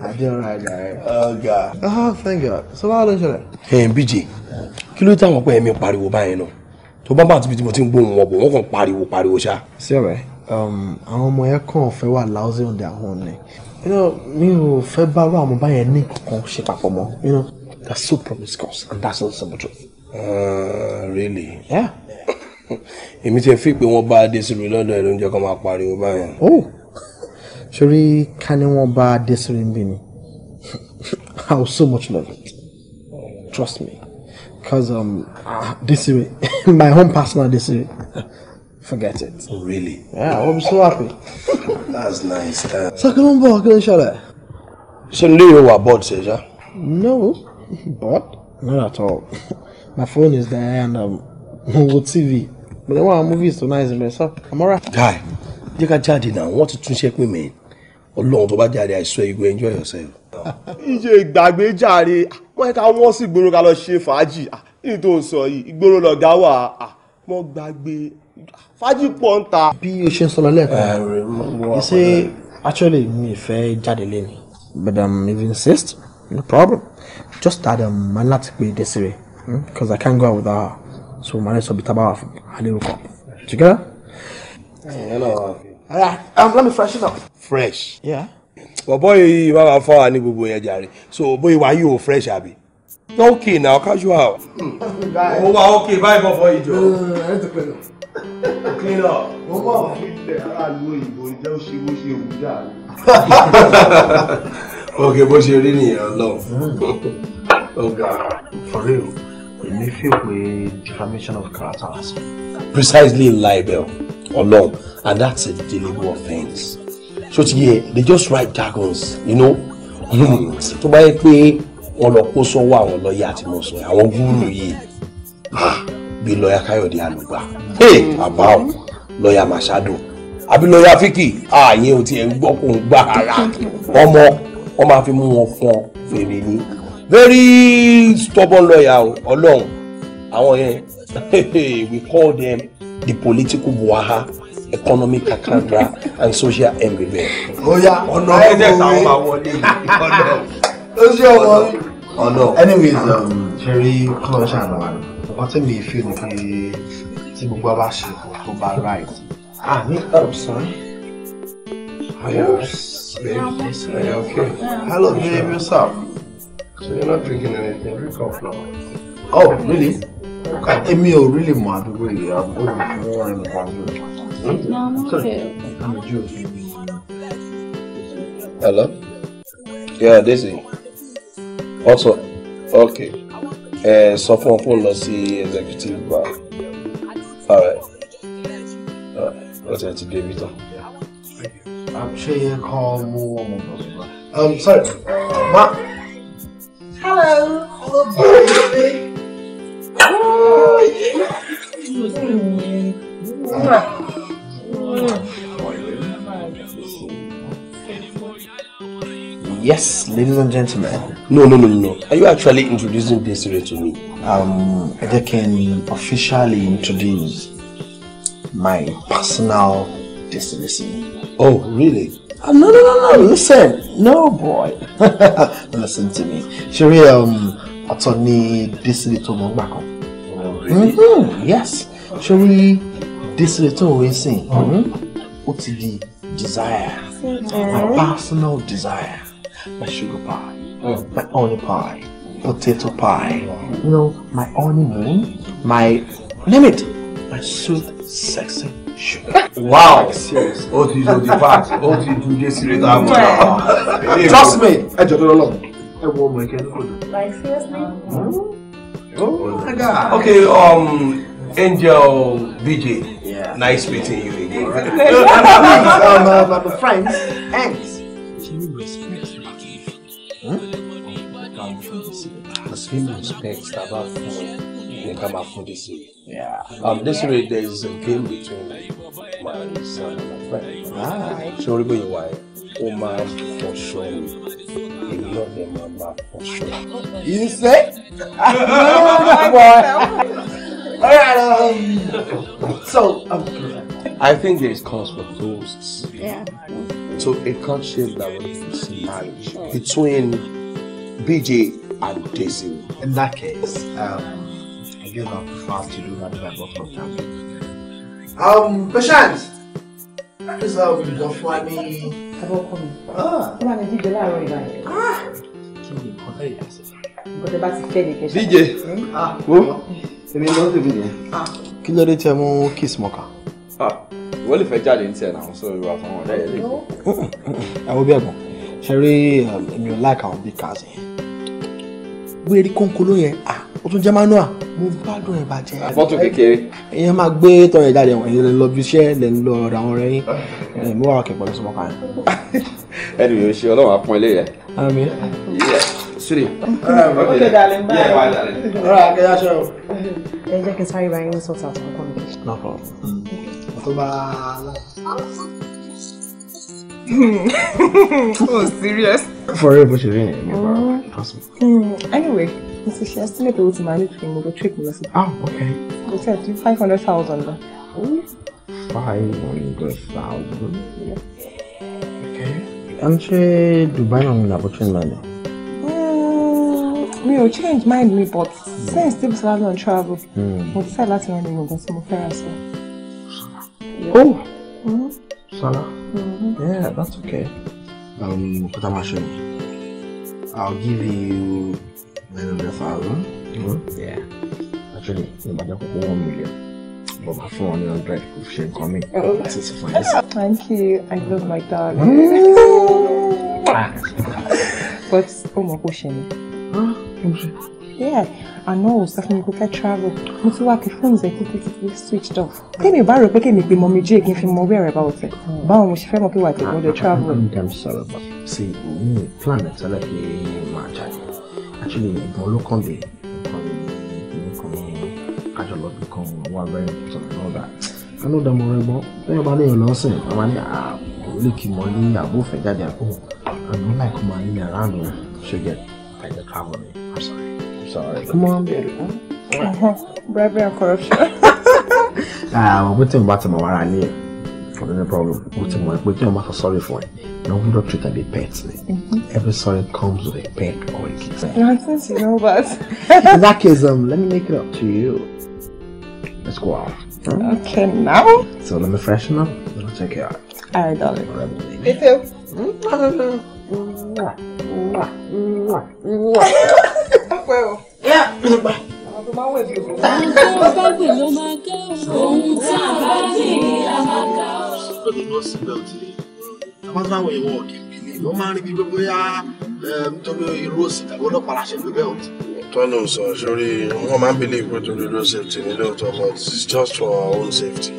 àdé ọ̀rọ̀ àjà rẹ̀. ọ̀gá. ah thank God so báwo ló ń ṣẹlẹ̀. ẹ̀ BJ kí ló táwọn pé ẹ̀mí pariwo báyìí náà tó bá bá àtúbí tí mo ti ń gbóhùn wọn bò wọ́n kàn pariwo pariwo ṣá. sí ọ̀rẹ́ um, àwọn ọmọ yẹn kàn fẹ́ wà láwùsí òde àwọn ni mi ò fẹ́ bá àwọn ọmọ báyẹn ní kankan ṣe papọ̀ mọ́. that's so promiscuous and that's not simple truth. Uh, really èmi ti fi pé wọ́n bá a dé síbi lọ́dọ̀ ẹ̀ ló ń jẹ́ kó máa pariwo báyẹn. oh sori ká ní wọ́n bá a dé síbi níbí ni I will so much love it trust me because um, this ah, way, my own personal this way. forget it. Oh, really? yeah I'm so happy. that's nice. sakiri n bọ akiri n ṣẹlẹ̀. ṣe n lè yóò wà bored ṣe ṣá. no bored not at all. My phone is there and um, no TV. But then one movie is so nice and best. So I'm alright. Guy, you can charge it now. What to tune with me, man? Ọlọ́run tó bá jáde I swear you go enjoy yourself. Iye ìgbàgbé jàre, wọ́n ká wọ́n sì gbòòrò ká lọ ṣe Faji. Ah, ní tó sọ yìí, ìgbòòrò lọ̀gá wà, wọ́n ah, gbàgbé ah, fàájì pọ̀ ń ta. Bí o ṣe ń sọ lọ́lẹ́ẹ̀kan, eh, you see, actually me ìfẹ́ jáde lé ni. But um, if insist, no problem. Just that um, my láti pe Desiree because I can't go out without her. So my next will be Tabawa for Halil Cup. Together? Hello. Alright, um, let me freshen up. Fresh? Yeah. Well, boy, you have a far and you will So boy, why you fresh, àbí? Okay, now casual. Bye. Hmm. Oh, okay, bye, bye for you, Joe. No, no, no, I need to clean up. Clean up. Mo mọ̀ kí ilẹ̀ aráàlú òyìnbó jẹ́ ó ṣe bó ṣe Okay, bó ṣe rí nìyẹn lọ. Mm-hmm. Oh God, for real èmi pé defamation of character. precisely libel or ọlọ́run and that's a deliberate offence so ti yẹ they just write jargons you know hmm. To bá yẹ pé wọn lọ kó sọ́wọ́ àwọn lọ́ọ̀yà àti mọ̀sán àwọn gúrú yìí bíi lọ́ọ̀yà káyọ̀dé àlùgbà àbá ò lọ́ọ̀yà machado àbí lọ́ọ̀yà fíkì ààyè ò tiẹ̀ gbọ́ kó ń gbà ara ọmọ wọn máa fi mú wọn fún ọ fèrè ní very stubborn lawyer ọlọ́run àwọn yẹn we call them the political buaha economic akandra and social embedded. oya ọ̀nà ẹ̀jẹ̀ táwọn máa wọlé ọ̀nà ó ṣe ọmọ. ọ̀nà anyways jerry clutch and one ọkọ tí mi fi ni pé tí gbogbo ọba ṣe tó bá right. ah ní ọ̀sán. Oh, ayọ̀ bẹ́ẹ̀ ayọ̀ kẹ́. hello babe yourself. So you're not drinking anything? Drink off now. Oh, really? Okay. Emi o really mad. really I'm going to go in the bathroom. No, I'm okay. Sorry. I'm a Jew. Hello? Yeah, Daisy. Also, okay. Uh, sọ fún ọkùnrin lọ sí executive bar. Alright. Alright. Ó ti ẹ̀ ti dé ibi tán. Ṣé yẹ kọ́ mú ọmọ bọ̀? Sorry, ma. Hello. Hello, baby. Oh, yeah. Yes, ladies and gentlemen. No, no, no, no. Are you actually introducing this Desiree to me? Um, I can officially introduce my personal Desiree. Oh, really? Ah, no, no, no, no. Listen, no, boy. Listen to me. Sherry, um, ọ̀tọ̀ ni dísìlì tó mọ̀ gbà kan. Oh, mm-hmm. Yes. Sherry, dísìlì tó wọ́n sìn. Mm-hmm. Ó ti the desire. My mm-hmm. personal desire. My sugar pie. Mm. My honey pie. Potato pie. You know, my honeymoon. My, name it. My sweet, sexy wow ó ti do the part ó ti do the series am now. trust me ẹ jọ tó lọ́lọ́ ẹ wo ọmọ ẹ̀kẹ́ like seriously. oh my god. okay um, angel bj yeah. nice meeting you again. um, uh, my, um, my uh, friends ends. can you respect me. Hmm? can you respect baba fún mi. in Kamafu this Yeah. Um, this week there is a game between my son and my friend. Ah. Soribo Iwai, Oma for sure. They love their mama for sure. You say? Alright, um, so um, I think there is cause for ghosts. Yeah. So it can't shape that was marriage between BJ and Daisy. In that case, um, you're not fast to do that type of programming. Um, Prashant, that is how we got funny. Ah. Ah. DJ, ah. wo èmi ló Ah. tèmi nìyẹn. Kí ló dé Ah. ẹ mú kiss mọ́ka? Ah, Ìwọ lè Ah. jáde ní tiẹ̀ náà, sọ Ah. fún wọn lẹ́yìn lẹ́yìn. Àwọn bí ẹ̀gbọ́n, ṣe rí um, èmi ò láìka àwọn bí kàá sí. Wéèrí kónkolo yẹn, ah ó tún jẹ́ manua? mo gbádùn ẹ̀ bàjẹ́. àfọ́tò kékeré. ìyẹn máa gbé tọrẹ jáde wọn ìyẹn lè lọ bí iṣẹ́ lè lọ ọ̀dà wọn rẹ̀ yín mo wà kẹ̀ pẹ̀lú sọmọkà yẹn. ẹnu yóò ṣe ọlọ́run apọ́n ilé rẹ̀. àmín. siri. ọkẹ dalẹ n bá yẹ. ọ̀rọ̀ akẹ́yà ṣe o. ẹ jẹ́ kí n sáré báyìí ní sọ́ọ̀tà àti mi. no problem. Mm. oh serious. for real bó ṣe rí ni. trust oh. hmm, anyway. Mrs. She estimated what my need to move a trip. Oh, okay. They said 500,000. Oh, 500,000? Yeah. Okay. I'm sure Dubai I'm not watching money. mi ò change mind me, but since tí bisola don travel mo ti sáà láti rán mi nǹkan tí mo fẹ́ ra sọ. oh mm-hmm. sara mm-hmm. yeah that's okay. Um, I'll give you wewe mm-hmm. you oh, ah, thank you i love my dog mm-hmm. but oh my gosh huh? yeah àná ò sọ fún mi kó fẹ́ travel mo ti wá switched off Can ò borrow? rò pé kèmi pé mọ mi jẹ́ kí n fi mọ wẹ́rẹ̀ bá ọ̀sẹ̀ báwo mo ṣe ah, travel. i'm sorry but see mi plan ẹ̀ tẹ́lẹ̀ pé màá jáde actually ìgbọ̀n ló kàn lè kàn lè kìíní kan very important and all that i know that mo rẹ gbọ́n bẹ́ẹ̀ bá léèyàn lọ́sìn àwa ní àpò lè kí mọ ní àbófẹ́ jáde àpò àmọ́ láìkó máa ní yàrá mi ṣe jẹ àìjẹ travel i'm sorry i'm sorry come on baby. bribery and corruption. àwọn bó tẹ̀ ń bá tẹ̀ mọ́ wára ní ẹ̀. for any problem, wetin your mouth sorry for it. No wonder treat am be pet. Mm-hmm. Every sorry comes with a pet or a kiss. Nonsense, you know, but. In that case, um, let me make it up to you. Let's go out. Huh? Okay, now? So let me freshen up, then I'll take you out. Alright, darling. All right, you too. well. Yeah. tó máa ń wẹ̀ bí òkú. ohun tó bá gbè ló máa ká ohun tí a bá gbè la máa ká. lórí nọ́ọ̀sì bẹ́ẹ̀ ti àwọn táwọn èèyàn ọ̀kẹ́ bìlì wọ́n máa ń rí bí gbogbo yá ah, nítorí irú òsì tàbí ọlọ́pàá láṣẹ ló bẹ́ẹ̀ ọ̀tí. tọ́lù sọ sórí wọn máa ń believe pé torí road safety ní lóòótọ́ but it's just for our own safety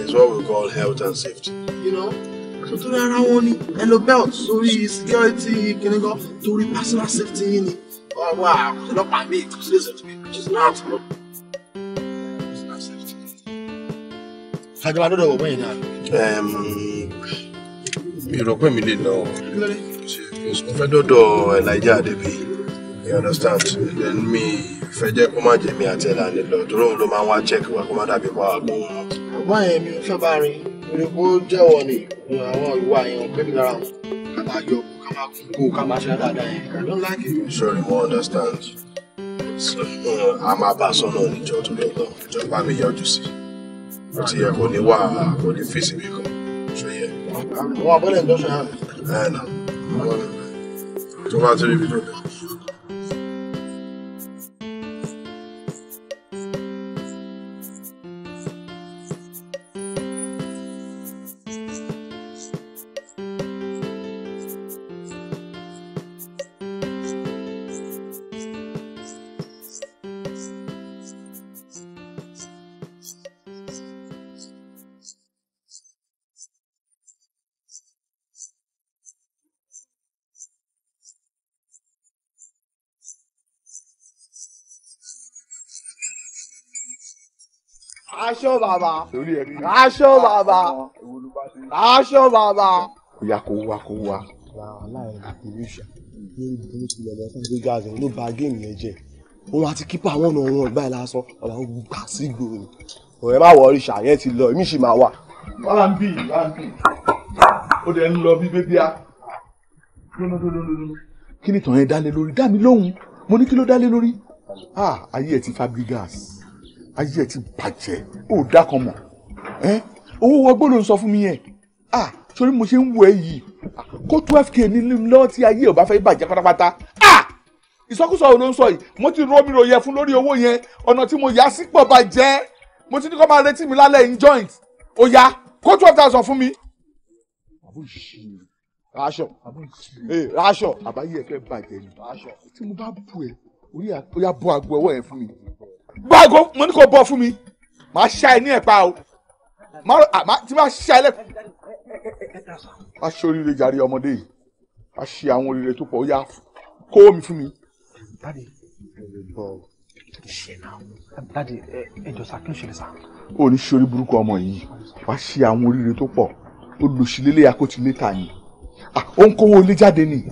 it's what we call health and safety. You know? tuntun ara wọn ni ẹ lo belt sórí security kìnìkan torí personal safety yín ni wà ọlọ́pàá mi kò sí ẹsẹ̀ tó mi kò sí náà tó. Fàjọba lọ́dọ̀ wọ̀wọ́ yìí náà. Mi rò pé mi lè lọ. Mo fẹ́ dọ́dọ̀ Elijah Adebi, you understand? Then mi fẹ́ jẹ́ kó má jẹ́ mi àti ẹ̀là nílọ, torí òun ló máa ń wá check wa kó má dàbí What? wà gbọ́n. Ọgbọ́n yẹn mi ò fẹ́ bá rin, mi rò pé ó jẹ́wọ́ ni àwọn ìwà yẹn ò pé mi lára wọn, kàtà yọ ká máa tún kó ká máa ṣe dáadáa yẹn I don't like it. sorry mo understand a person bá a sọ́nà níjọ tó lè lọ ìjọba mi yọjú sí i ti yẹ kò ní wà kò ní fèsì mi kan ṣe yẹ. àwọn abọ́lẹ̀ ń dọ́ṣọ́ yàrá. ẹ nà tó bá ti rí bí tó lọ. aṣọ bàbá aṣọ bàbá aṣọ bàbá. ìyá kò wá kò wá. ló ba géèmù yẹn jẹ òun àti kípa àwọn ọ̀nà ọ̀run ọ̀gbá ẹ̀ lásán ọ̀là ń gbà sí gbòòrò ọ̀rẹ́ má wọrí ṣàyẹn ti lọ èmi sì máa wà. wàá ń bì wàá ń bì ó dẹ̀ ń lọ bí bébí a kí ni tàn yẹn dá lé lórí dá mi lóhùn mo ní kí ló dá lé lórí ah ayé ẹ ti Fabregas ayé ẹ ti bàjẹ́ ó dá kan mọ̀ ẹ́ owó wa gbọ́dọ̀ sọ fún mi yẹn ah sori mo ṣe ń wọ ẹ yìí kó twelve k ní lọ́wọ́ tí ayé ò bá fẹ́ bàjẹ́ pátápátá ah ìsọkúsọ ò ló ń sọ yìí mo ti rọ́ mi rò yẹ fún lórí owó yẹn ọ̀nà tí mo yà á sí pọ̀ bàjẹ́ mo ti ní kó máa retí mi lálẹ́ in joint ó yá kó twelve thousand fún mi. aṣọ eh, aṣọ àbáyé ẹ fẹ́ bàjẹ́ ni tí mo bá bu ẹ ó yá bu àgbo ọwọ́ yẹn fún mi gbáàgó mo ní kó bọ́ fún mi màá ṣá ẹ ní ẹ̀pá o tí màá ṣá ẹ lẹ́kọ̀ọ́. a ṣe oríire jàre ọmọdé yìí a ṣe àwọn oríire tó pọ̀ ó yá kó mi fún mi. dáàdi ẹ jọ sá kí ló ṣe lè sá. ó ní ṣe orí burúkú ọmọ yìí wàá ṣe àwọn oríire tó pọ̀ ó lòṣìlélẹ́yà ti lé ta yìí ó ń kówó ilé jáde ni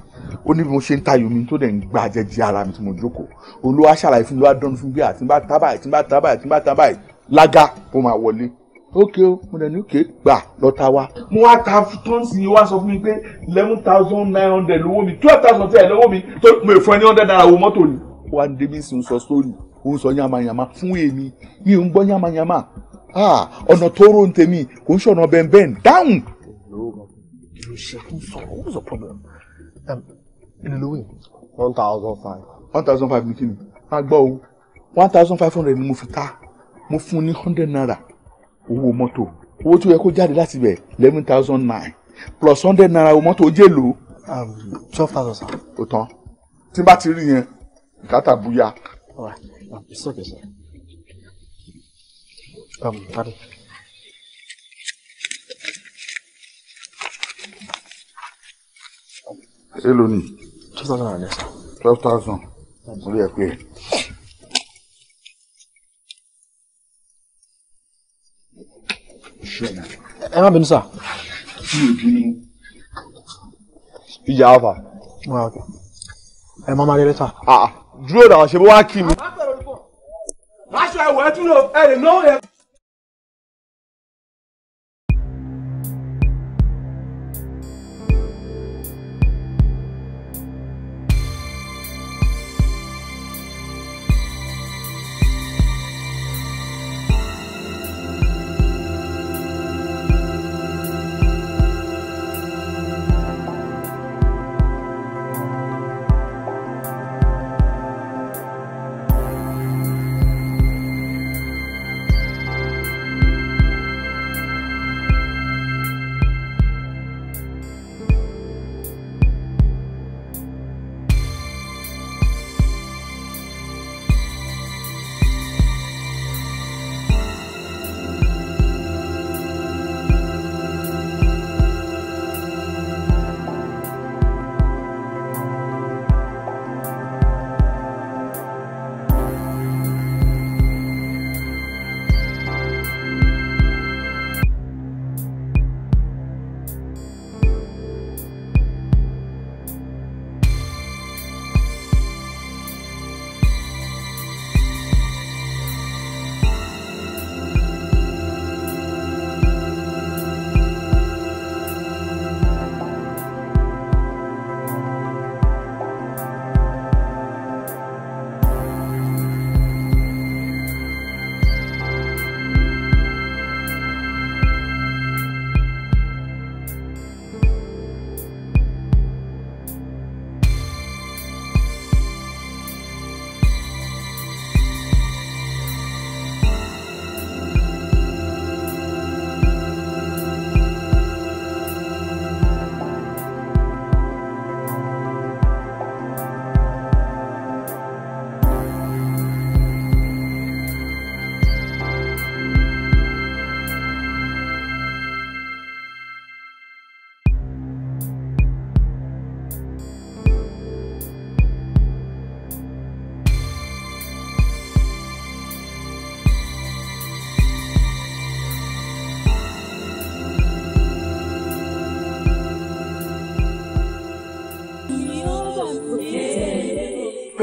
ó ní bí mo ṣe ń tayò mi tó dẹ̀ ń gba àjẹjì ara mi tí mo jókòó olúwa ṣàlàyé fún mi wá dánú fún bí àti bá tá báyìí tí bá tá báyìí tí bá tá báyìí lága ó máa wọlé ókè ó mo dẹ̀ ní òkè gbà lọ́ta wa. mo wá ta tọ́ǹsì yìí wá sọ fún mi pé eleven thousand nine hundred lówó mi twelve thousand ten lówó mi tó mo è fún ẹ ní hundred naira wo mọ́tò ni. wà á débi sí ń sọ sórí òun sọ yamayama fún èmi yìí ń gbọ́ yamayama ah, ọ̀nà tó rò ń tèmi kò ń ṣọ̀nà bẹ́ẹ̀ bẹ́ẹ̀ dáhùn What's your problem? Um, Èló ló wí? One thousand five. One thousand five ni One thousand five hundred ni mo fi ta. Mo fún un ní hundred naira owó mọ́tò. Owó tó yẹ kó jáde láti eleven thousand nine plus hundred naira owó mọ́tò ojé lò. Um, twelve thousand sir. O tán. Tí n bá ti rí yẹn, um, um, pardon. èlò ni. two thousand and eleven. twelve thousand. orí ẹ pé. ẹ má bínú sá. ìjà afa. ẹ má má rí lẹ́tà. Ah, ah. dúró dàwọn ṣe bó wá kí mi. má ẹ̀wọ̀ ẹ̀ tún lò ẹ̀ lè náwó yẹn.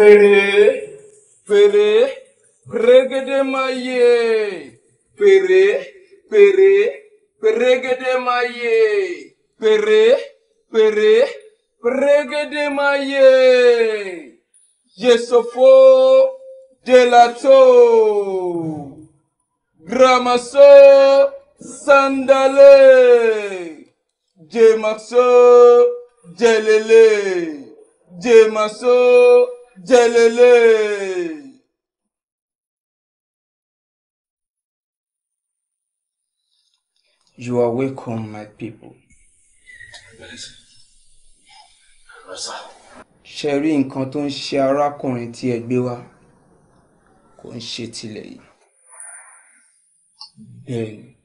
pèrè pèrè pèrègede máa yè pèrè pèrè pèrègede máa yè pèrè pèrè pèrègede máa yè yesofo delato gramaso sandale jemaso jelele jemaso jẹlẹlẹ. You are welcome, my people. Ṣé rí nǹkan tó ń ṣe arákùnrin tí ẹ gbé wá kò ń ṣe tilẹ̀ yìí. Bẹ́ẹ̀ni.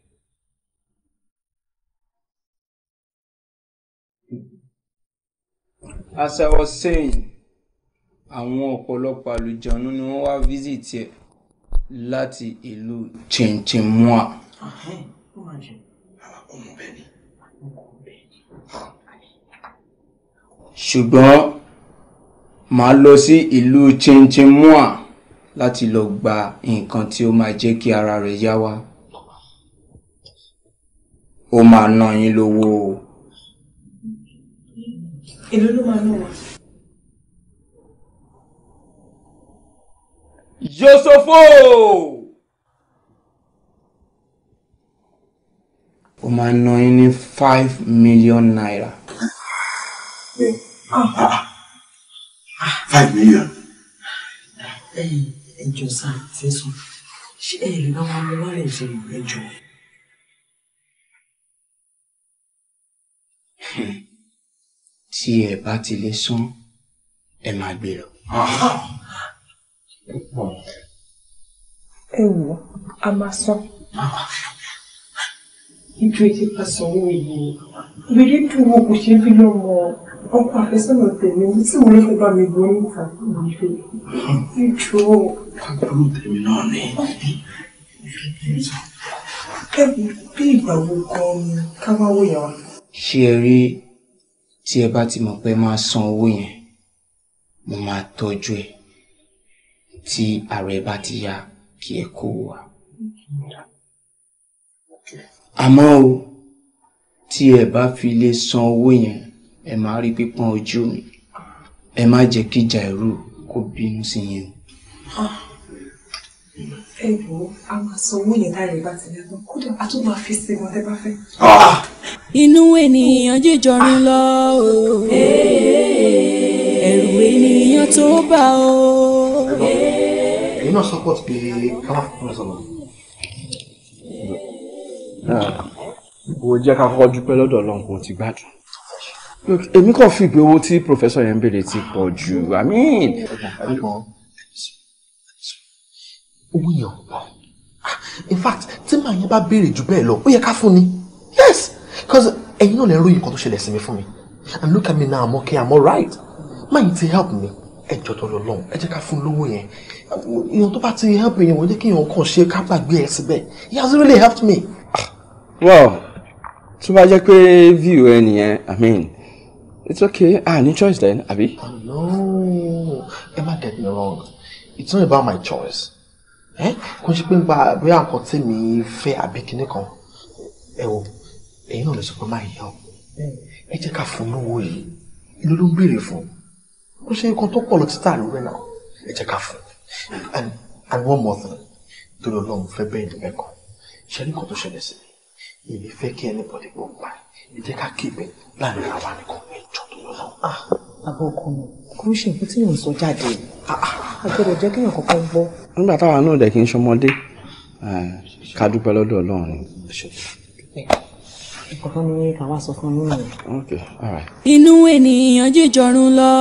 As I was saying àwọn ọ̀pọ̀lọpọ̀ àlùjànnú ni wọ́n wá visit ẹ̀ láti ìlú chinchinmua. ṣùgbọ́n màá lọ sí ìlú chinchinmua láti lọ gba nǹkan tí ó máa jẹ́ kí ara rẹ̀ yá wa ó máa ná yín lówó èló ló máa ná wa. yosofo. o máa ná yín ní five million naira. five million. ẹ jọ sá fẹsùn ṣé ẹ lè bá wọn mú wálé ìṣẹ̀lẹ̀ rẹ jọ. tí ẹ bá ti lè san ẹ máa gbé lọ. Ah ẹ a máa san. ìjọ ètí bá sanwó yìí ìrírí dùn wo kò ṣeé fi lọ́mọ ọkọ àfẹ́sọ̀nà tèmi ní tí mo lè fi bá mi gbọ́ níta ìgbìfẹ́ ìjọ. kágbóró tèmi náà ni ẹ bí ìgbà wo gan-an ká wá wò yẹn wá. ṣé ẹ rí tí ẹ bá ti mọ̀ pé máa san owó yẹn mo máa tọ́jú ẹ̀ tí ara ẹ bá ti yá kí ẹ kó wa. àmọ́ o tí ẹ bá fi lè san owó yẹn ẹ máa rí pípọ́n ojú mi ẹ má jẹ́ kí Jairu kó bínú sí yín ẹ wo a máa san owó yẹn láì bá ti lẹ́nu kódà a tún máa fi sí wọn tẹ́ bá fẹ́. Ah! inú ènìyàn jíjọrun lọ o ẹ̀rù ènìyàn tó bá o. 今 support في كما رسول wo jẹ́ ká kọ́kọ́ dúpẹ́ lọ́dọ̀ Ọlọ́run kò ti gbádùn èmi kàn fi pé owó tí pòfẹ́sọ̀ yẹn ń béèrè ti pọ̀ jù i mean owó yẹn ò pọ̀ in fact tí màá yẹn bá béèrè jù bẹ́ẹ̀ lọ ó yẹ ká fún ni yes because ẹ̀yin náà lè ròyìn kan tó ṣẹlẹ̀ sí mi fún mi and look at me now I'm okay I'm alright máa yìí ti help me ẹ jọ̀dọ̀ lọ́lọ́run ẹ jẹ́ ká fún lówó yẹn èèyàn tó bá ti help èèyàn wọ́n kí èèyàn kàn ṣe ká gbàgbé ẹ̀ síbẹ̀ he has really helped me. well tó bá jẹ́ pé view ẹ nìyẹn i mean it's okay ah ní choice then àbí. no emma get me wrong it's not about my choice kò ṣe pé nípa bóyá nǹkan tí mi fẹ́ àbí kinní kan ẹ wo èyí náà lè sọ pé má yẹ ọ ẹ jẹ́ ká fún un lówó yìí ìlú ló ń béèrè fún un ó ṣe nǹkan tó pọ̀ lọ títà lórí náà ẹ jẹ́ ká fún and and one more thing torí ọlọ́run fẹ́ being the mẹ́kàn Shall ní kan to ṣẹlẹ̀ If you fake fẹ́ kí ẹnìbọ̀dì you take a jẹ́ ká kí ibẹ̀ láàrin àwa nìkan go tó yọ náà. àbọ̀ ọkọ mi kò ń ṣe nǹkan tí yóò sọ I àgbẹ̀dọ̀ ah, ah. jẹ́ kéèyàn kankan gbọ́. nígbà táwa náà dẹ̀ kí n ṣọmọdé eh, ká dúpẹ́ lọ́dọ̀ ọlọ́run ni. ìkọ̀kan ni káwa sọ fún yín. inú ènìyàn jíjọrun lọ.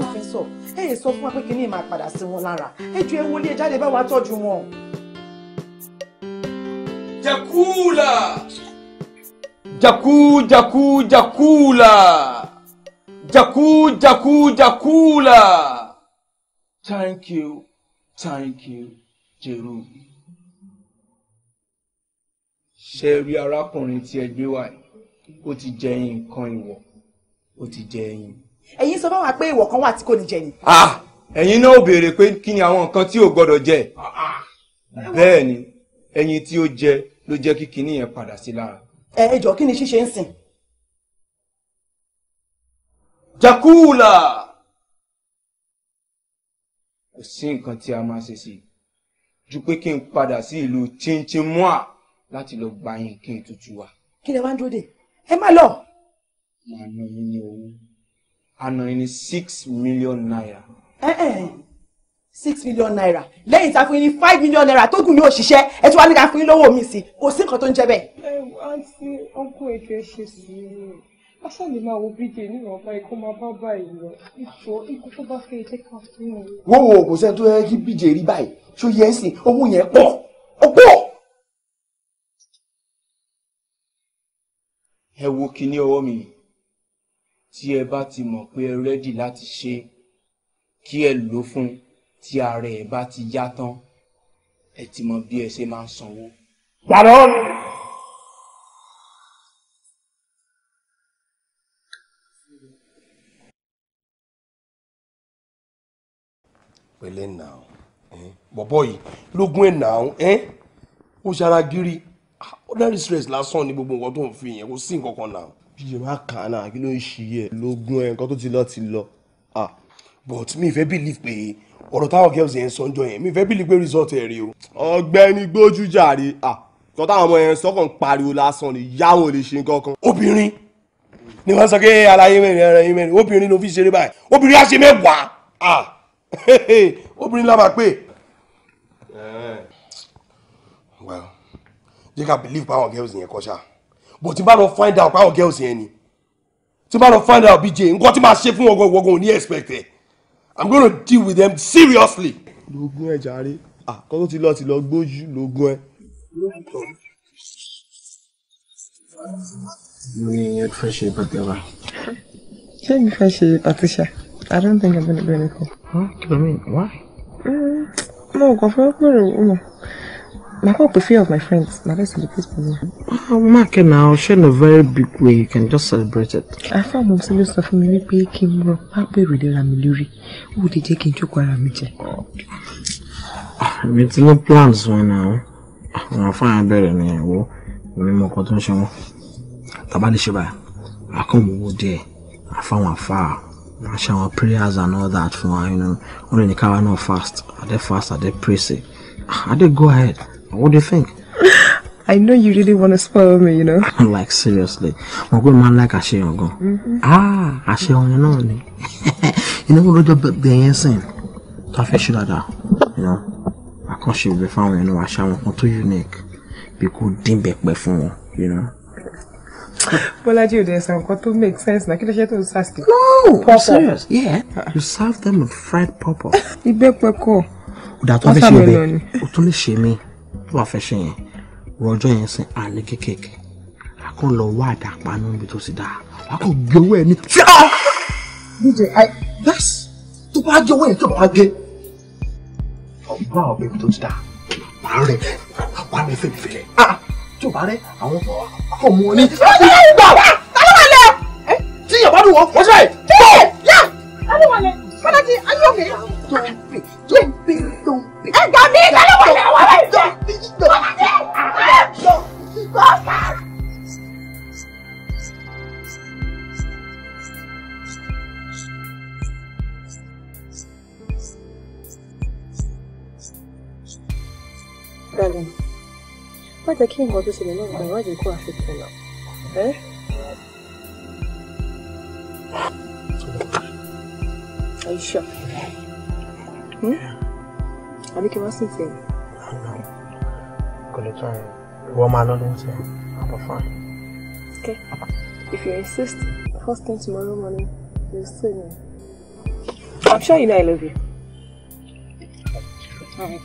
yín sọ ẹ ẹ sọ fún wa pé kí ni máa padà sí wọn lára ẹ ju ewu ilé jáde bá wa tọ́jú wọn. jakula jaku jaku jakula jaku jaku jakula thank you thank you jeru ṣe rí arákùnrin tí ẹ gbé wá ó ti jẹ ẹyin nǹkan ìwọ ó ti jẹ ẹ̀yin sọ fáwọn pé ìwọ̀ kan wà tí kò ní jẹ ni. ẹ̀yin náà ò béèrè pé kí ni àwọn nǹkan tí ò gbọ́dọ̀ jẹ ah, ah. bẹ́ẹ̀ ni ẹyin tí ó jẹ ló jẹ́ kí kinní yẹn padà sí lára. ẹ ẹ jọ kí ni ṣíṣe ń sìn. jakula kò sí nǹkan tí a máa ṣe sí ju pé kí n padà sí ìlú chinchinmua láti lọ gba yín kí n tutù wa. kí lè wá dúró dè ẹ má lọ. màá ná ní owó àná ninety six million naira. ẹ eh, ẹ eh. six million naira lẹ́yìn tá a fún yín ní five million naira tó kù yóò ṣiṣẹ́ ẹ tún wá ní ká fún yín lówó mi sí kò sí nǹkan tó ń jẹ bẹ́ẹ̀. ẹ àǹtí ọkùn ètò ẹ ṣe sùúrù aṣáà lè máa wo bídè nínú ọba ikú máa bá báyìí lọ ìjọ ikú tó bá fẹ́ jẹ́ ká fún un. wo wo kò sẹ́ni tó yẹ kí bídè rí báyìí ṣó yẹ ẹ́ sìn owó yẹn pọ̀ ó pọ̀. ẹ wo kinní ọwọ́ mi yìí tí ẹ bá ti mọ̀ pé ẹ rẹ́dì láti ṣe kí ẹ lò fún tí ara ẹ bá ti yá tán ẹ ti mọ̀ bí ẹ ṣe máa ń sanwó. Gbàdán. pẹ̀lẹ́ nàá bọ̀bọ̀ yìí lógún ẹ̀ nàá ó ṣara gírí ordinary ah, stress lásán ni gbogbo nǹkan tó ń fi yẹn kò sí nǹkan kan nàá jíjẹ má kà náà kí ló ń ṣí ẹ lógún ẹ nǹkan tó ti lọ ti lọ ah but mi fẹ́ believe pé ọ̀rọ̀ táwọn girls yẹn sọ yẹn mi fẹ́ believe pé result ẹ̀ rí o. ọ̀gbẹ́ni gbójú ah kọ́ táwọn ọmọ yẹn sọ́kàn pariwo lásán ni yáwọn ò lè ṣe nǹkan kan. obìnrin ni wọ́n sọ pé aláyé mẹ́rin ẹran yín mẹ́rin obìnrin ló fi ṣeré báyìí obìnrin á mẹ́wàá ah obìnrin la máa well jẹ́ ká believe pé àwọn girls yẹn kọ́ ṣáà but tí n bá lọ find out pàwọn girls yẹn ni tí n bá lọ find out bj nǹkan tí màá ṣe fún ọgọ ìwọgọ ní expect ẹ i'm gonna deal with them seriously. lóògùn ẹ jàre àkọ́ tó ti lọ ti lọ gbójú lóògùn ẹ. mi ò fẹ́ ṣe pàtẹ́ wa. ṣé mi fẹ́ ṣe patricia i don't think i'm gonna do anything. kí ló mean why. Mm, mo kàn fẹ́ pèrè o mọ̀. My pop with few of my friends. My best celebrate for me. Oh, ah, Mark and I'll share in a very big way. You can just celebrate it. I found mom serious stuff for me. Pé kí n ro pape rede la mi lórí. Ó ti jẹ́ kí n jókòó ara mi jẹ. Ah, mi ti ní plans wọn náà. Àwọn afáàyàn bẹ̀rẹ̀ ní ẹ̀wọ́. Èmi mọ ọkọ tó ń ṣe wọn. Tàbá lè ṣe báyìí. Àkànwò díẹ̀. Àfáwọn afáà. I shower prayers and all that for you know. Only the car now fast. I did fast. I did pray. I ah, did go ahead. What do you think? I know you really want to spoil me, you know. like seriously, mo good man like like àṣeyàn gan. Mm-hmm. Ah, àṣeyàn náà ni. Inú wo lọ́jọ́ bẹ̀rẹ̀ yẹn sìn tó a fẹ́ like that, you know. Àkànṣe ìwé fáwọn ẹnu àṣà wọn kan tó unique bí kò dín bẹ̀pẹ̀ fún wọn, you know. Bọ́lájí ò dẹ̀ sàn nǹkan tó make sense náà kí ló ṣe tó No, I'm serious, yeah. Ah. You serve them with fried pepper. Ìbẹ́pẹ kọ̀. Ọ̀dà tó ń fi ṣe ibẹ̀, o tún lè ṣe mí tó fẹ́ ṣe yẹn rọjò yẹn sìn àní kékèké akọ lọ wá àdàpánú níbi tó ti dá akọ gbé owó ẹ ní. dj i yes tó bá gé owó yẹn tó bá gé ọgbà ọgbẹ ibi tó ti dá wàá rẹ wàá rẹ fèlèfèlè tó bá rẹ àwọn akọ mú ọ ọjọ́ yẹn gbà wá tálọ́wọ̀lẹ̀. ẹ tí yàrá dùn wọ́n wọ́n ṣe é. yẹ yá tálọ́wọ̀lẹ̀ bọ́dá ti ayé òkè. don't be don't be don't be ẹ̀gbà Are you sure? Hmm? àbí kí wọ́n sì tẹ̀. kò lè tán ẹ ìwọ máa lọ lóhun tẹ àbọ̀ okay if you insist first thing tomorrow morning you'll see me i'm sure you know i love you. All right.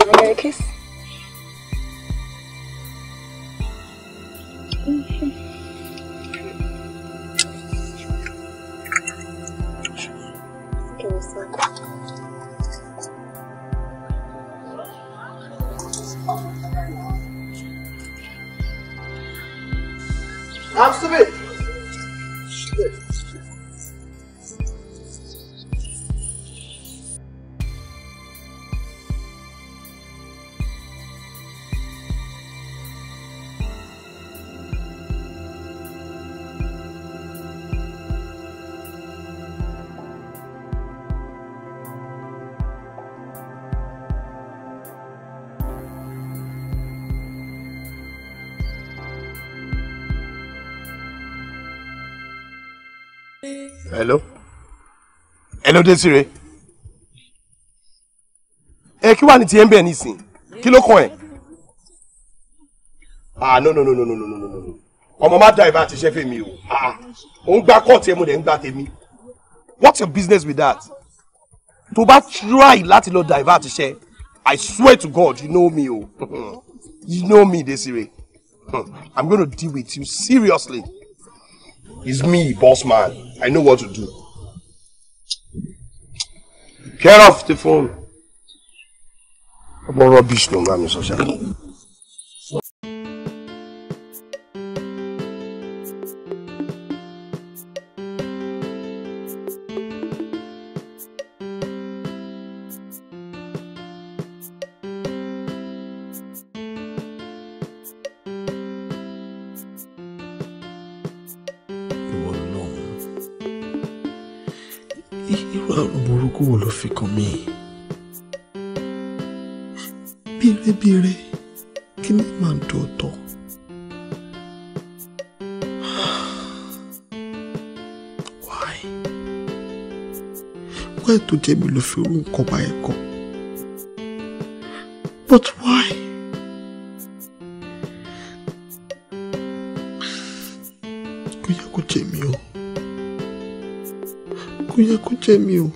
I get a kiss? Mm-hmm. ló dé sí re ẹ kí wà ní tiẹ̀ ń bẹ̀ nísìn kí ló kàn ẹ́. ah no no no no no no no no no ọmọ má dá ìbá ti ṣe fèmí o ah òun gba kọ́ọ̀tì ẹ mo dẹ̀ ń gba tèmi what's your business with that tó bá try láti lọ dá ìbá ti ṣe i swear to god you know me o you know me Desire hmm. i'm gonna deal with you seriously it's me boss man i know what to do care off the phone. I'm rubbish ló ń bá mi sọ lọ́wọ́ ẹ̀ tó jẹ̀bi ló fi irú nǹkan báyẹn but why. kò yẹ kó jẹ mí o kò yẹ kó o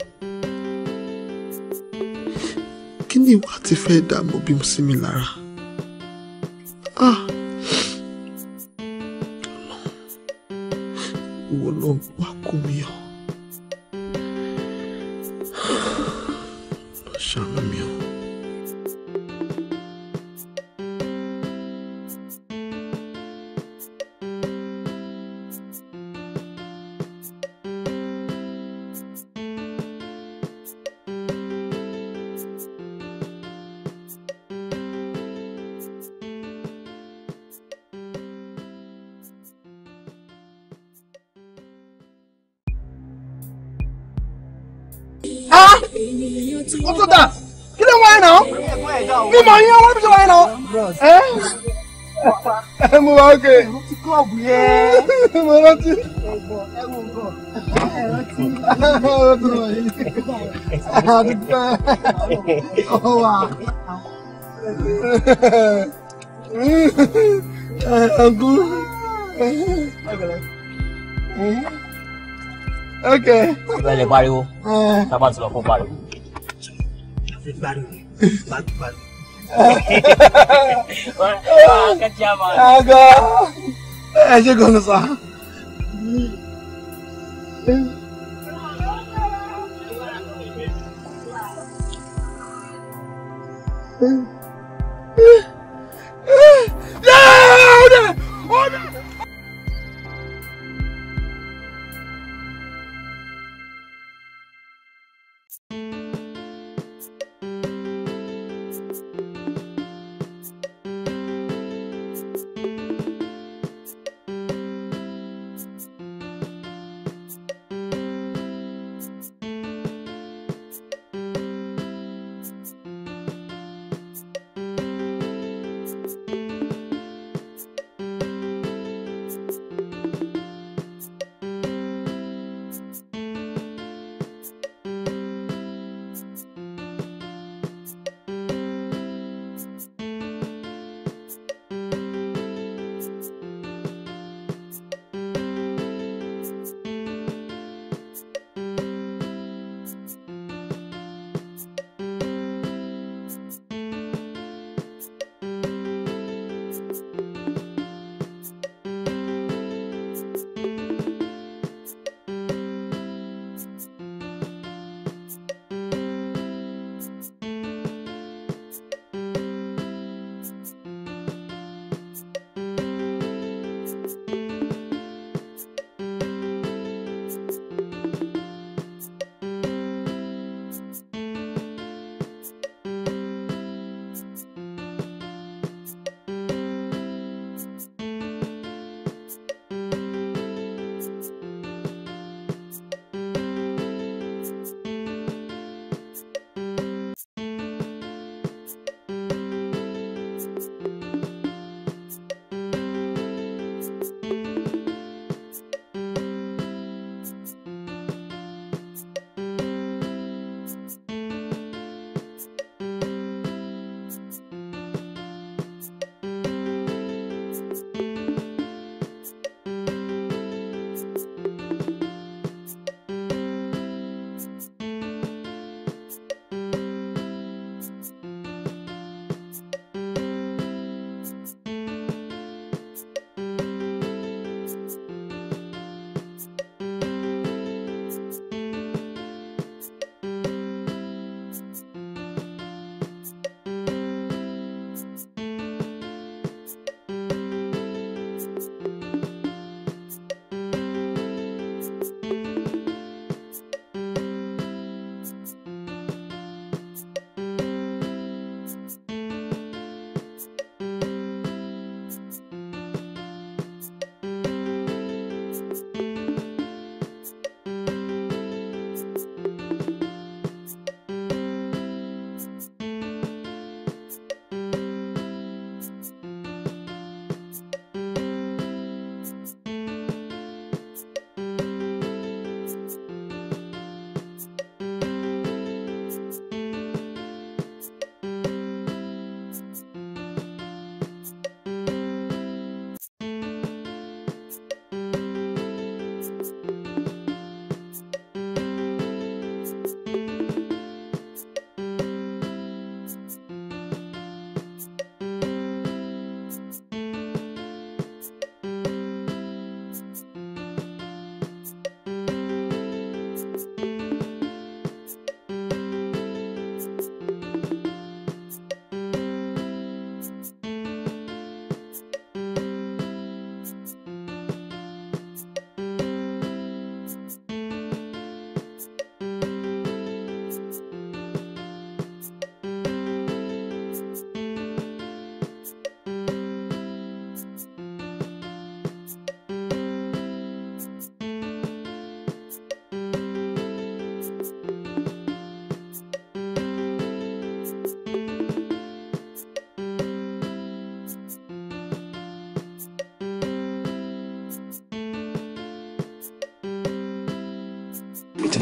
kí ni ìwà ti fẹ́ dààmú bí mo sí mi lára. òkè. ẹ̀rù ti kọ́ọ̀bù yẹn. mo rántí. ẹ̀gbọ́n ẹ̀rù gbọ̀ ẹ̀rọ ti. ẹ̀rọ ti rọ̀ yìí. àdúgbò ọ̀ wà. ọ̀gú. ok. ìgbà ilẹ̀ pariwo sábà ti lọ fún pariwo. pariwo pariwo. Aga. Aga. Aga. Aga. Aga. Aga.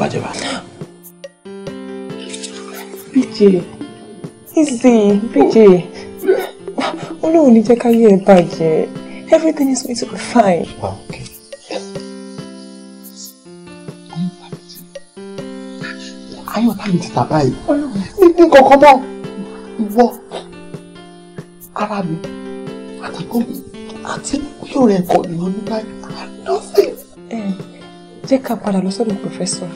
bàjẹ́ PJ easy PJ olóhùn ní jẹ́ káyé ẹ̀ bàjẹ́ everything is going to be fine. Wow, okay. ayọ̀ bá mi ti tà You níbi Come mọ́ ìwọ ara mi àtàkùn mi you. ìwé rẹ̀ kọ̀ nìyẹn ní báyìí nothing. ẹ jẹ́ ká padà lọ sọ́dọ̀ pòfẹ́sọ̀.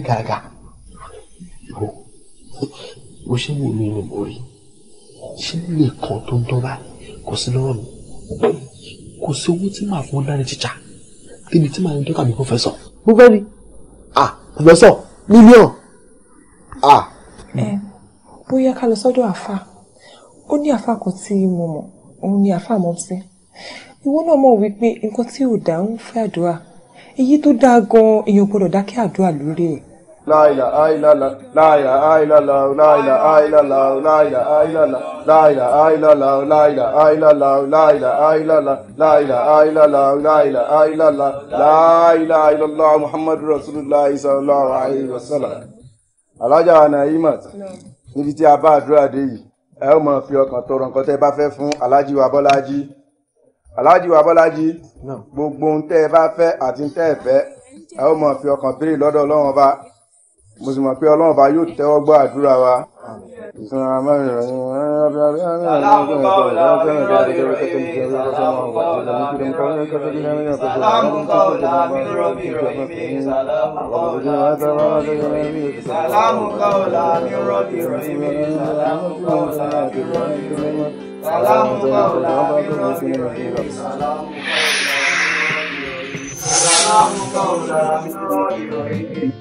ní gàgà wo o ṣe wò mí ni mo rí ṣé lè kàn tó ń tọ́ba kò sí lọ́wọ́ mi kò sí owó tí màá fún dání tíjà débi tí màá ní dọ́kà mi pọ́fẹ́sọ̀ mo fẹ́ rí ah pọ́fẹ́sọ̀ mílíọ̀n ah. ẹ bóyá ká lọ sọ́dọ̀ àfa ó ní àfa kan tí mo mọ̀ òun ni àfa mọ̀ sí ìwọ náà mọ̀ wípé nǹkan tí ò dá ń fẹ́ àdúrà èyí tó dáa gan èèyàn gbọ́dọ̀ dákẹ́ àdúrà lórí ẹ̀ لا إله إلا الله لا إله إلا الله لا إله إلا الله لا إله إلا الله لا إله إلا الله لا إله إلا الله لا إله إلا الله لا إله إلا الله لا إله إلا الله لا إله إلا الله محمد رسول الله صلى الله عليه وسلم alájà Naimat níbi tí a bá àdúrà dé yìí ẹ ó máa fi ọkàn tọrọ nǹkan tẹ́ bá fẹ́ fún aláàjì wa Bọ́lájí aláàjì wa Bọ́lájí gbogbo ohun tẹ́ bá fẹ́ àti tẹ́ fẹ́ ẹ ó máa fi ọkàn béèrè lọ́dọ̀ Ọlọ́run ọba mo sì mọ̀ pé ọlọ́run bá yóò tẹ́wọ́ gbọ́ àdúrà wa. Salamu qawla min rabbin rahim. Salamu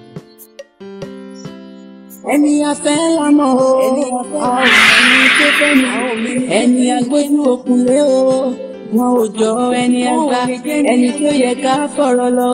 ẹni afẹ́ lọ́nà o àwọn ẹni tó fẹ́ mi ẹni agbẹ́nu òkun o wọn ò jọ ẹni àgbà ẹni tó yẹ ká fọ̀rọ̀ lọ.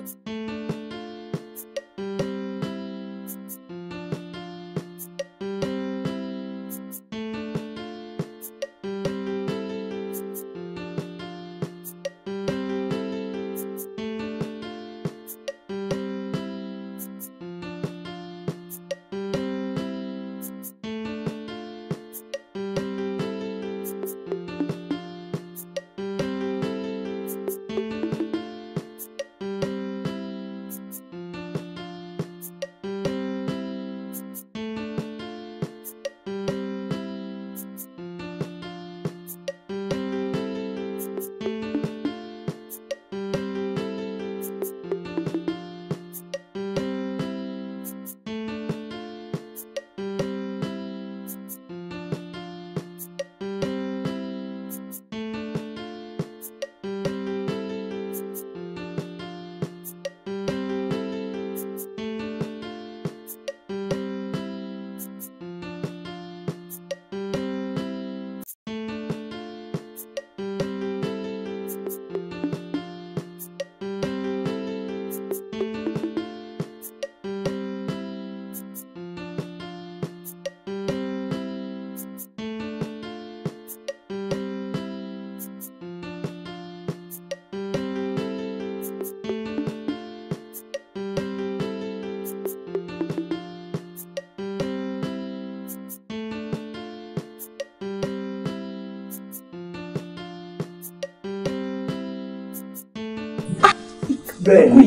bẹ́ẹ̀ ni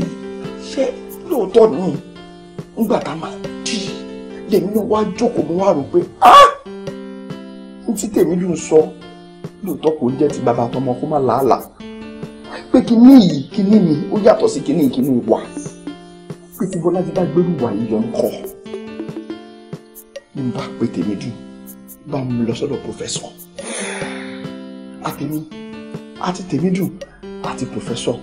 ṣé lóòótọ́ ni nígbà tá a máa dí lèmi náà wá jókòó mo wá rò pé n tí tèmi dùn sọ lóòótọ́ kò jẹ́ ti bàbá àtọmọ kó má làálàá pé kinní yìí kinní mi ó yàtọ̀ sí kinní kinní wà pé tí Bọ́lájí bá gbẹ́rù wà yìí yọ ń kọ́ n bá pé tèmi dùn bá mi lọ sọ́dọ̀ pòfẹ́sọ̀ àtèmi àti tèmi dùn àti pòfẹ́sọ̀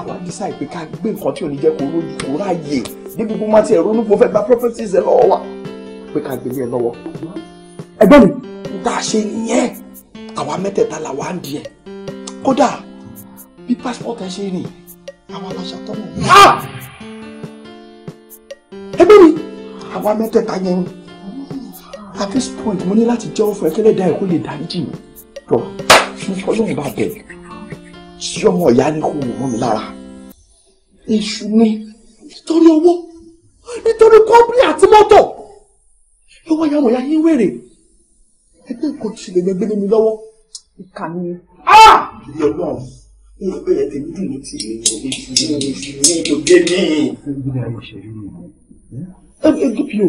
àwa decide pé ká gbé nǹkan tí ò ní jẹ́ kó lójú kó ráàyè débi bó máa ti ẹ̀rọ onípo fẹ́ gba preferences ẹ lọ́wọ́ wa pé ká gbélé ẹ lọ́wọ́. ẹgbẹ́ mi tá a ṣe nìyẹn àwa mẹ́tẹ̀ẹ̀ta là wá ń di ẹ̀ kódà bí passport ẹ ṣe rìn àwa la ṣàtọ́nà. ẹgbẹ́ mi àwa mẹ́tẹ̀ẹ̀ta yẹn ni at this point mo ní láti jẹ́wọ́ fún ẹkẹ́lẹ́dàá ẹ̀ kó lè dáríjì mi. tọ́ ọlọ́run bá bẹ̀rẹ̀ tí ọmọ ìyá ní kò mọ̀ mi lára èṣù ni nítorí owó nítorí kọ́ńpìlì àti mọ́tò lọ́wọ́ ìyá ọmọ ìyá yín wèrè ẹgbẹ́ nǹkan ti lè gbẹgbẹ́ mi lọ́wọ́ ìkà ni. Ah! ìyá ọlọ́run ní ìgbẹ́ yẹn tèmi dùn ní ti ìrìn èṣù ní ètò ní. ẹgbẹ́ dp o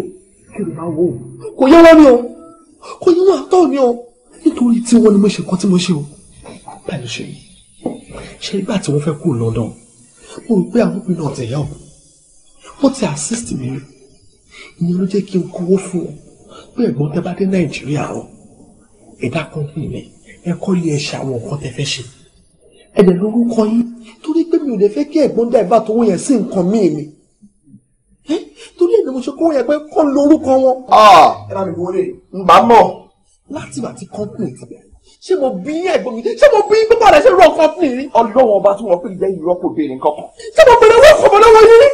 kí ló máa wò ó kò yẹ wọ́n kò yẹ wọ́n ni o nítorí tí wọ́n ni mo ṣe nǹkan tí mo ṣe o báyìí ló ṣe yìí ṣe nígbà tí wọ́n fẹ́ kú London mo rò pé àwọn òbí náà ti help wọ́n ti assist mi ìyẹn ló jẹ́ kí n kówó fún ọ pé ẹ̀gbọ́n tẹ bá dé Nàìjíríà o ẹ̀dá company mi ẹ kọ́ lé ẹ ṣe àwọn nǹkan tẹ fẹ́ ṣe ẹ̀dẹ̀ lórúkọ yín torí pé mi ò lè fẹ́ kí ẹ̀gbọ́n dá ìbá tó wọ́n yẹn sí nǹkan míì ni torí ẹ̀dẹ̀ mo ṣe kó wọ́n yẹn pé kọ́ lórúkọ wọn. Ah! ẹ bá mi wọlé. ń bá mọ̀. láti ìgbà tí ti bẹ̀rẹ̀ ṣé mo bí ẹ̀gbọ́n mi ṣé mo bí gbogbo rẹ̀ ṣe rọ kọ́pìnì rí. ọlọ́wọ́n ọba tí wọ́n pè jẹ́ ìrọ́pò béèrè kankan ṣé mo bèrè owó ìfọ̀mọ́ lọ́wọ́ yín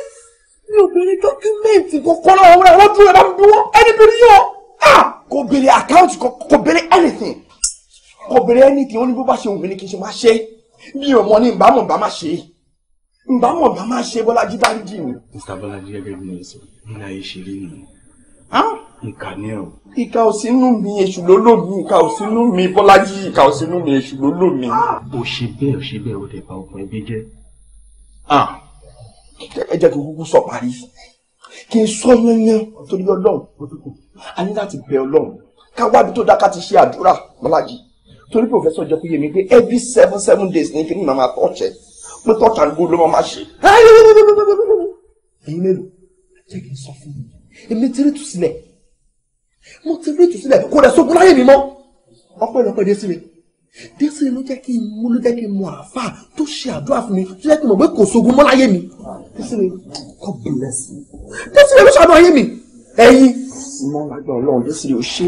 mi ò bèrè dọ́kúmẹ́ǹtì kankan lọ́wọ́ rẹ̀ wọ́n dúró ẹ̀dá mi wọ́n ẹni bí yọ kò bèrè àkáǹtì kò bèrè anything kò bèrè anything ó ní bó bá ṣe òun ní kí n ṣe máa ṣe mi ò mọ ní ìbámu ìbá má ṣe ìbámu ìbá má ṣe Bọ́lájí Dáńgì mi. Mr. Bọ́lájí gẹ́gẹ́ bí mo sọ nílẹ̀ ayé ṣe rí nìyẹn ìkà ni ẹ o. ìkà ò sínú mi èṣù ló lò mí ìkà ò sínú mi bọ́lájí ìkà ò sínú mi èṣù ló lò mí. o ṣe bẹ́ẹ̀ o ṣe bẹ́ẹ̀ o lè ba ọkùnrin bí jẹ́. ẹ jẹ́ kí n kúkú sọ parí kí n sọ yányán torí ọlọ́run a ní láti bẹ ọlọ́run ká wábi tó dáká ti ṣe àdúrà bọ́lájí torí pòfẹ́sọ̀ jẹ́ kó yé mi pé every seven seven days ní kí ni màmá tọ́ọ̀ṣẹ́ pé tọ́ọ̀ṣà ń gbó ló máa ṣe. ẹ̀yin mélòó jẹ́ kí n sọ fún mi èmi tẹ́lẹ̀ sílẹ̀ mo ti rí ìtúsílẹ̀ kó dẹ̀ sókun láyé mi mọ́ ọpẹ́lọpẹ́ dé sí mi dé sí mi ló jẹ́ kí n mú ló jẹ́ kí n mọ àáfà tó ṣe àdúrà fún mi tó jẹ́ kí n mọ̀ pé kò sógun mọ́ láyé mi dé sí mi God bless you dé sí mi ló ṣàdúrà ayé mi ẹ̀yin. mo máa gbọ́ ọlọ́run dé sí mi ò ṣe.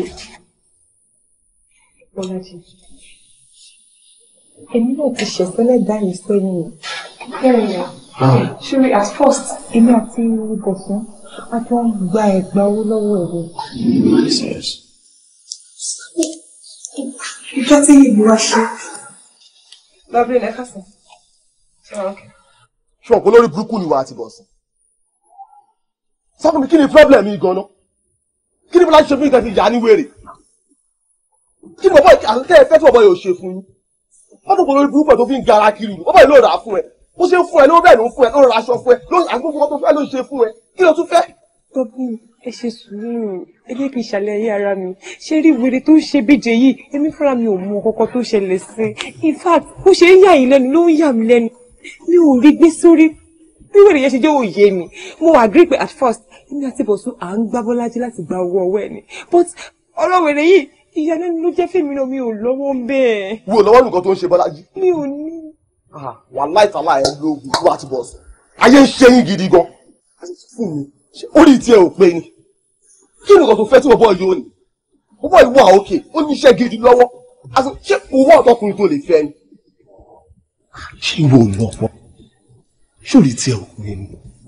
bọ́lájì èmi náà ti ṣẹ̀fẹ́lẹ́ dá yìí sẹ́yìn o. ṣúrí at first èmi àti bọ̀sán a ti ń gba ẹ̀gbà owó lọ́wọ́ ẹ̀rọ. ìjọ tí ìlú wa ṣe lọ́bìnrin ẹ̀ka sàn. ṣùgbọ́n kò lórí burúkú ni wà á ti bọ̀ sí. sọ fún mi kí ni problem yìí gan-an kí ni mo láti ṣe fún ìtẹ̀sí ìyá ní wèrè kí ni bàbá àtúntẹ̀ ẹ̀fẹ́ tí bàbá yóò ṣe fún yín wọ́n tó kò lórí burúkú ẹ̀ tó fi ń gara kiri wọ́n bá yìí lóòrà fún ẹ̀ bó ṣe ń fún ẹ ló bẹ́ẹ̀ ló ń fún ẹ ló ra aṣọ fún ẹ ló àgbófin ọtún fẹ́ ló ṣe fún ẹ kí ló tún fẹ́. tọ́bù ẹ ṣe sùúrù ẹ jẹ́ kí n ṣàlàyé ara mi ṣé rí wèrè tó ń ṣe bíje yìí èmi fúnra mi ò mọ kọ́kọ́ tó ṣẹlẹ̀ sí i in fact bó ṣe ń yà yín lẹ́nu ló ń yà mí lẹ́nu mi ò rí gbé sórí bí wèrè yẹn ṣe jẹ́ òye mi mo agree pé at first èmi àti bọ̀sùn à ń gbá bọ́lájí láti gba owó ọwọ́ ẹ̀ ni but ọ̀rọ̀ wèrè yìí ìyàlẹ́nu ló jẹ́ fèmí náà mi ò lọ́wọ́ bẹ́ẹ̀. wo lọ́wọ́ nǹkan tó ń ṣe bọ́lájí. mi ò ní Ah, wàhálà ìtàlá ẹ lo oògùn tó àti bọ̀ sùn ayé ń ṣe yín gidi gan fún mi orí tiẹ̀ ò pé ni kí ni nǹkan tó fẹ́ tí bọ́bọ́ yìí ó ní bọ́bọ́ yìí wà òkè ó ní iṣẹ́ gidi lọ́wọ́ àti ṣé owó ọ̀tọ́kùnrin tó lè fẹ́ ni. ṣé ìwọ ò lọ pọ ṣòrí tiẹ̀ ò pé ni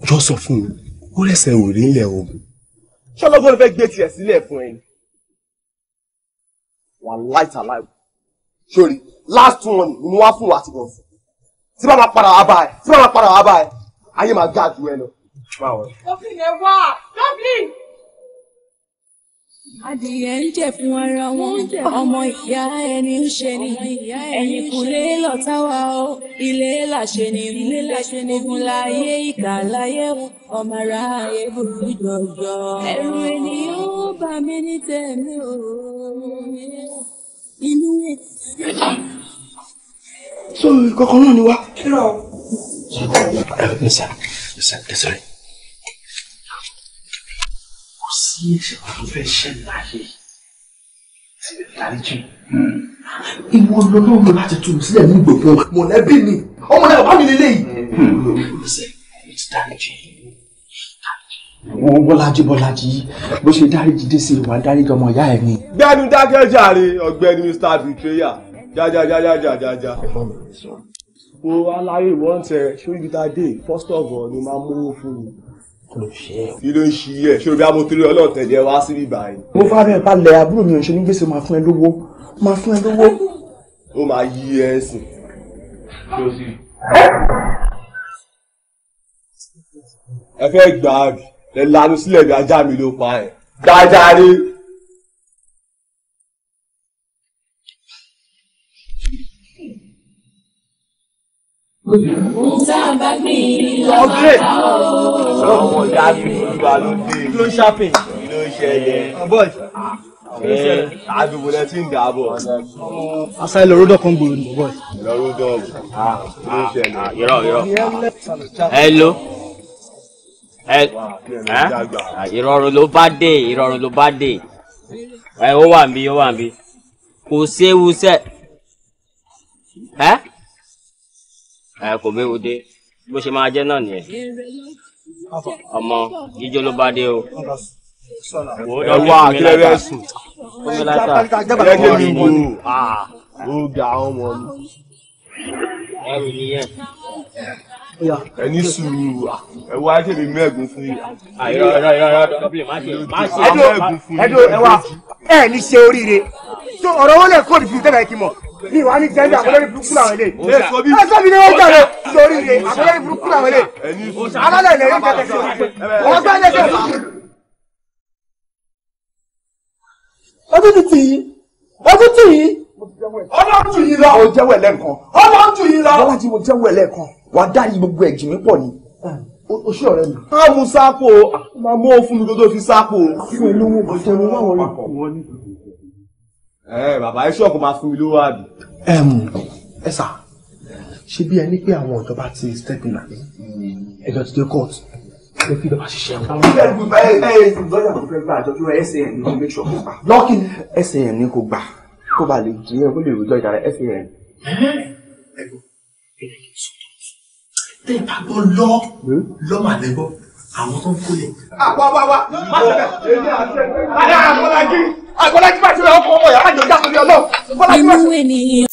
jọ sọ fún mi ó rẹsẹ̀ ò rí ilẹ̀ ogun. ṣé ọlọ́gbọ́n ló fẹ́ gbé tiẹ̀ sílẹ̀ fún ẹ ni. wàhálà ìtàlá ẹ ṣòrí last one ni wọ́n á fún wa àti bọ̀ sùn tí bá máa padà wá bá tí bá máa padà wá bá ayé máa gá ju ẹ lọ. Kọ́fìn ẹ wá kọ́fìn. Adìyẹ ń jẹ fún ara wọn, ọmọ ìyá ẹni ń ṣe ni, ẹ̀yìn kùlé lọ́tà wa o, ilé làṣẹ ni, ilé làṣẹ láyé ìkà láyé o, ọmọ ara ayé burú jọjọ. Ẹ̀rù ènìyàn ó bà mí ní tẹ̀mí o. Inú ẹ̀ so ìkọ̀kọ̀ náà ni wá. irọ́ o. ẹ sà ẹ kò sí ẹ̀ṣẹ̀ kan tó fẹ́ ṣẹ̀ láyé tí ìwọ lọ́lọ́run láti tú sílẹ̀ ní gbogbo mọ̀lẹ́bí mi ọmọ náà bá mi lélẹ̀ yìí. Bọ́lájí Bọ́lájí bó ṣe dáríjì dé sí ìwà dáríjì ọmọ ìyá ẹ̀ ni. Gbẹ́nu dákẹ́ jàre ọ̀gbẹ́ni Mr. Betrayer jájájájájájá. ẹ̀gbọ́n mi ní sọ. wo aláyé wọ́n tẹ ṣó ibi tá a dé first of all ni máa mówó fún mi. kò ló ṣe é. kí ló ń ṣe é ṣé omi amótórí ọlọ́ọ̀tẹ̀ jẹ́ wá síbí báyìí. mo fárẹ̀ balẹ̀ àbúrò mi ò ṣe ní gbèsè máa fún ẹ lówó máa fún ẹ lówó. ó máa yí ẹ sìn. ló sì. ẹ fẹ́ gbà á lẹ́nu sílẹ̀ bí ajá mi ló pa ẹ̀. dáadáa ni. Nta bá gbìn lọ bá o. Ọmọ ìyá mi ìgbà ló dé. Kí ló ń ṣàpè? Kí ló ń ṣẹlẹ̀? Bọ́ọ̀dì. Ṣé àdùgbò lẹ ti ń dà bọ̀? Asa ilẹ̀ rúdọ̀ kan gbòòrò ní bọ́ọ̀dì. Ilẹ̀ rúdọ̀ ọ̀gbìn. Ah, kí ló ń ah, ah, Hello ìrọ̀rùn ló bá dé ìrọ̀rùn ló bá dé ẹ ó wà ń ó wà ń kò séwu sẹ ẹ kò béwu dé bó ṣe máa jẹ́ náà nìyẹn ọmọ jíjó ló bá dé o ẹwà kílẹ̀ bẹ́ẹ̀ sùn ẹgbẹ́ mi wò ah, ó ga ọmọ mi ẹrù nìyẹn ẹni sùúrù ẹ wá ṣe mi mẹ́ẹ̀gún fún yìí. àyọ̀ ọ̀rọ̀ ọ̀rọ̀ dọ́bìlì má ṣe má ṣe mẹ́ẹ̀gún fún yìí. ẹ̀dùn ẹ̀wà ẹ̀ ní ṣe oríire tó ọ̀rọ̀ wọlé kóòdù fi tẹ́lẹ̀ kí mọ̀ ní ìwà ní jẹ́ndé àkọlẹ́rì burúkú làwọn ilé ẹ sọ́bi ni wọ́n jẹ̀rẹ̀ lórí ilé àkọlẹ́rì burúkú làwọn ilé alálẹ̀ ilẹ̀ yóò jẹ́kẹ̀sì wọ́n gbá lẹ́sẹ̀ ọdún tì í ọdún tì ọlọ́run tù lọ. mo jẹ́wọ́ ẹlẹ́kan. ọlọ́run tù yín lọ. bọ́lájí mo jẹ́wọ́ ẹlẹ́kan wàá dá yìí gbogbo ẹ̀jì mi pọ̀ ni oṣù ọ̀rẹ́ mi. a mú sápò máa mú òfun mi kó tó fi sápò. fún inú wọn kò tẹnu wọn wọn ni ẹ bàbá ẹ ṣọ́ọ̀kù máa fún mi lówó àbí. ẹ sà ṣé bí ẹni pé àwọn ìjọba ti step in àbí ẹjọ́ ti dé court ló fi ìjọba ṣiṣẹ́ wọn. lọ́kì SAN ni kò gbà kó ba lè jí ẹ kó lè rojọ́ ìdára SAN. tẹ́ ẹ bá gbọ́ lọ́ hmm? lọ́ màdẹ́gbọ́ àwọn tó ń kólẹ̀. àwa ah, wa má ṣe bẹ́ẹ̀ èmi àti ẹ̀ adá àbọ̀lájí àgọ́lájú bá ti ọkọ̀ ọmọ yàrá ìjọba ìjọba ọlọ́ọ̀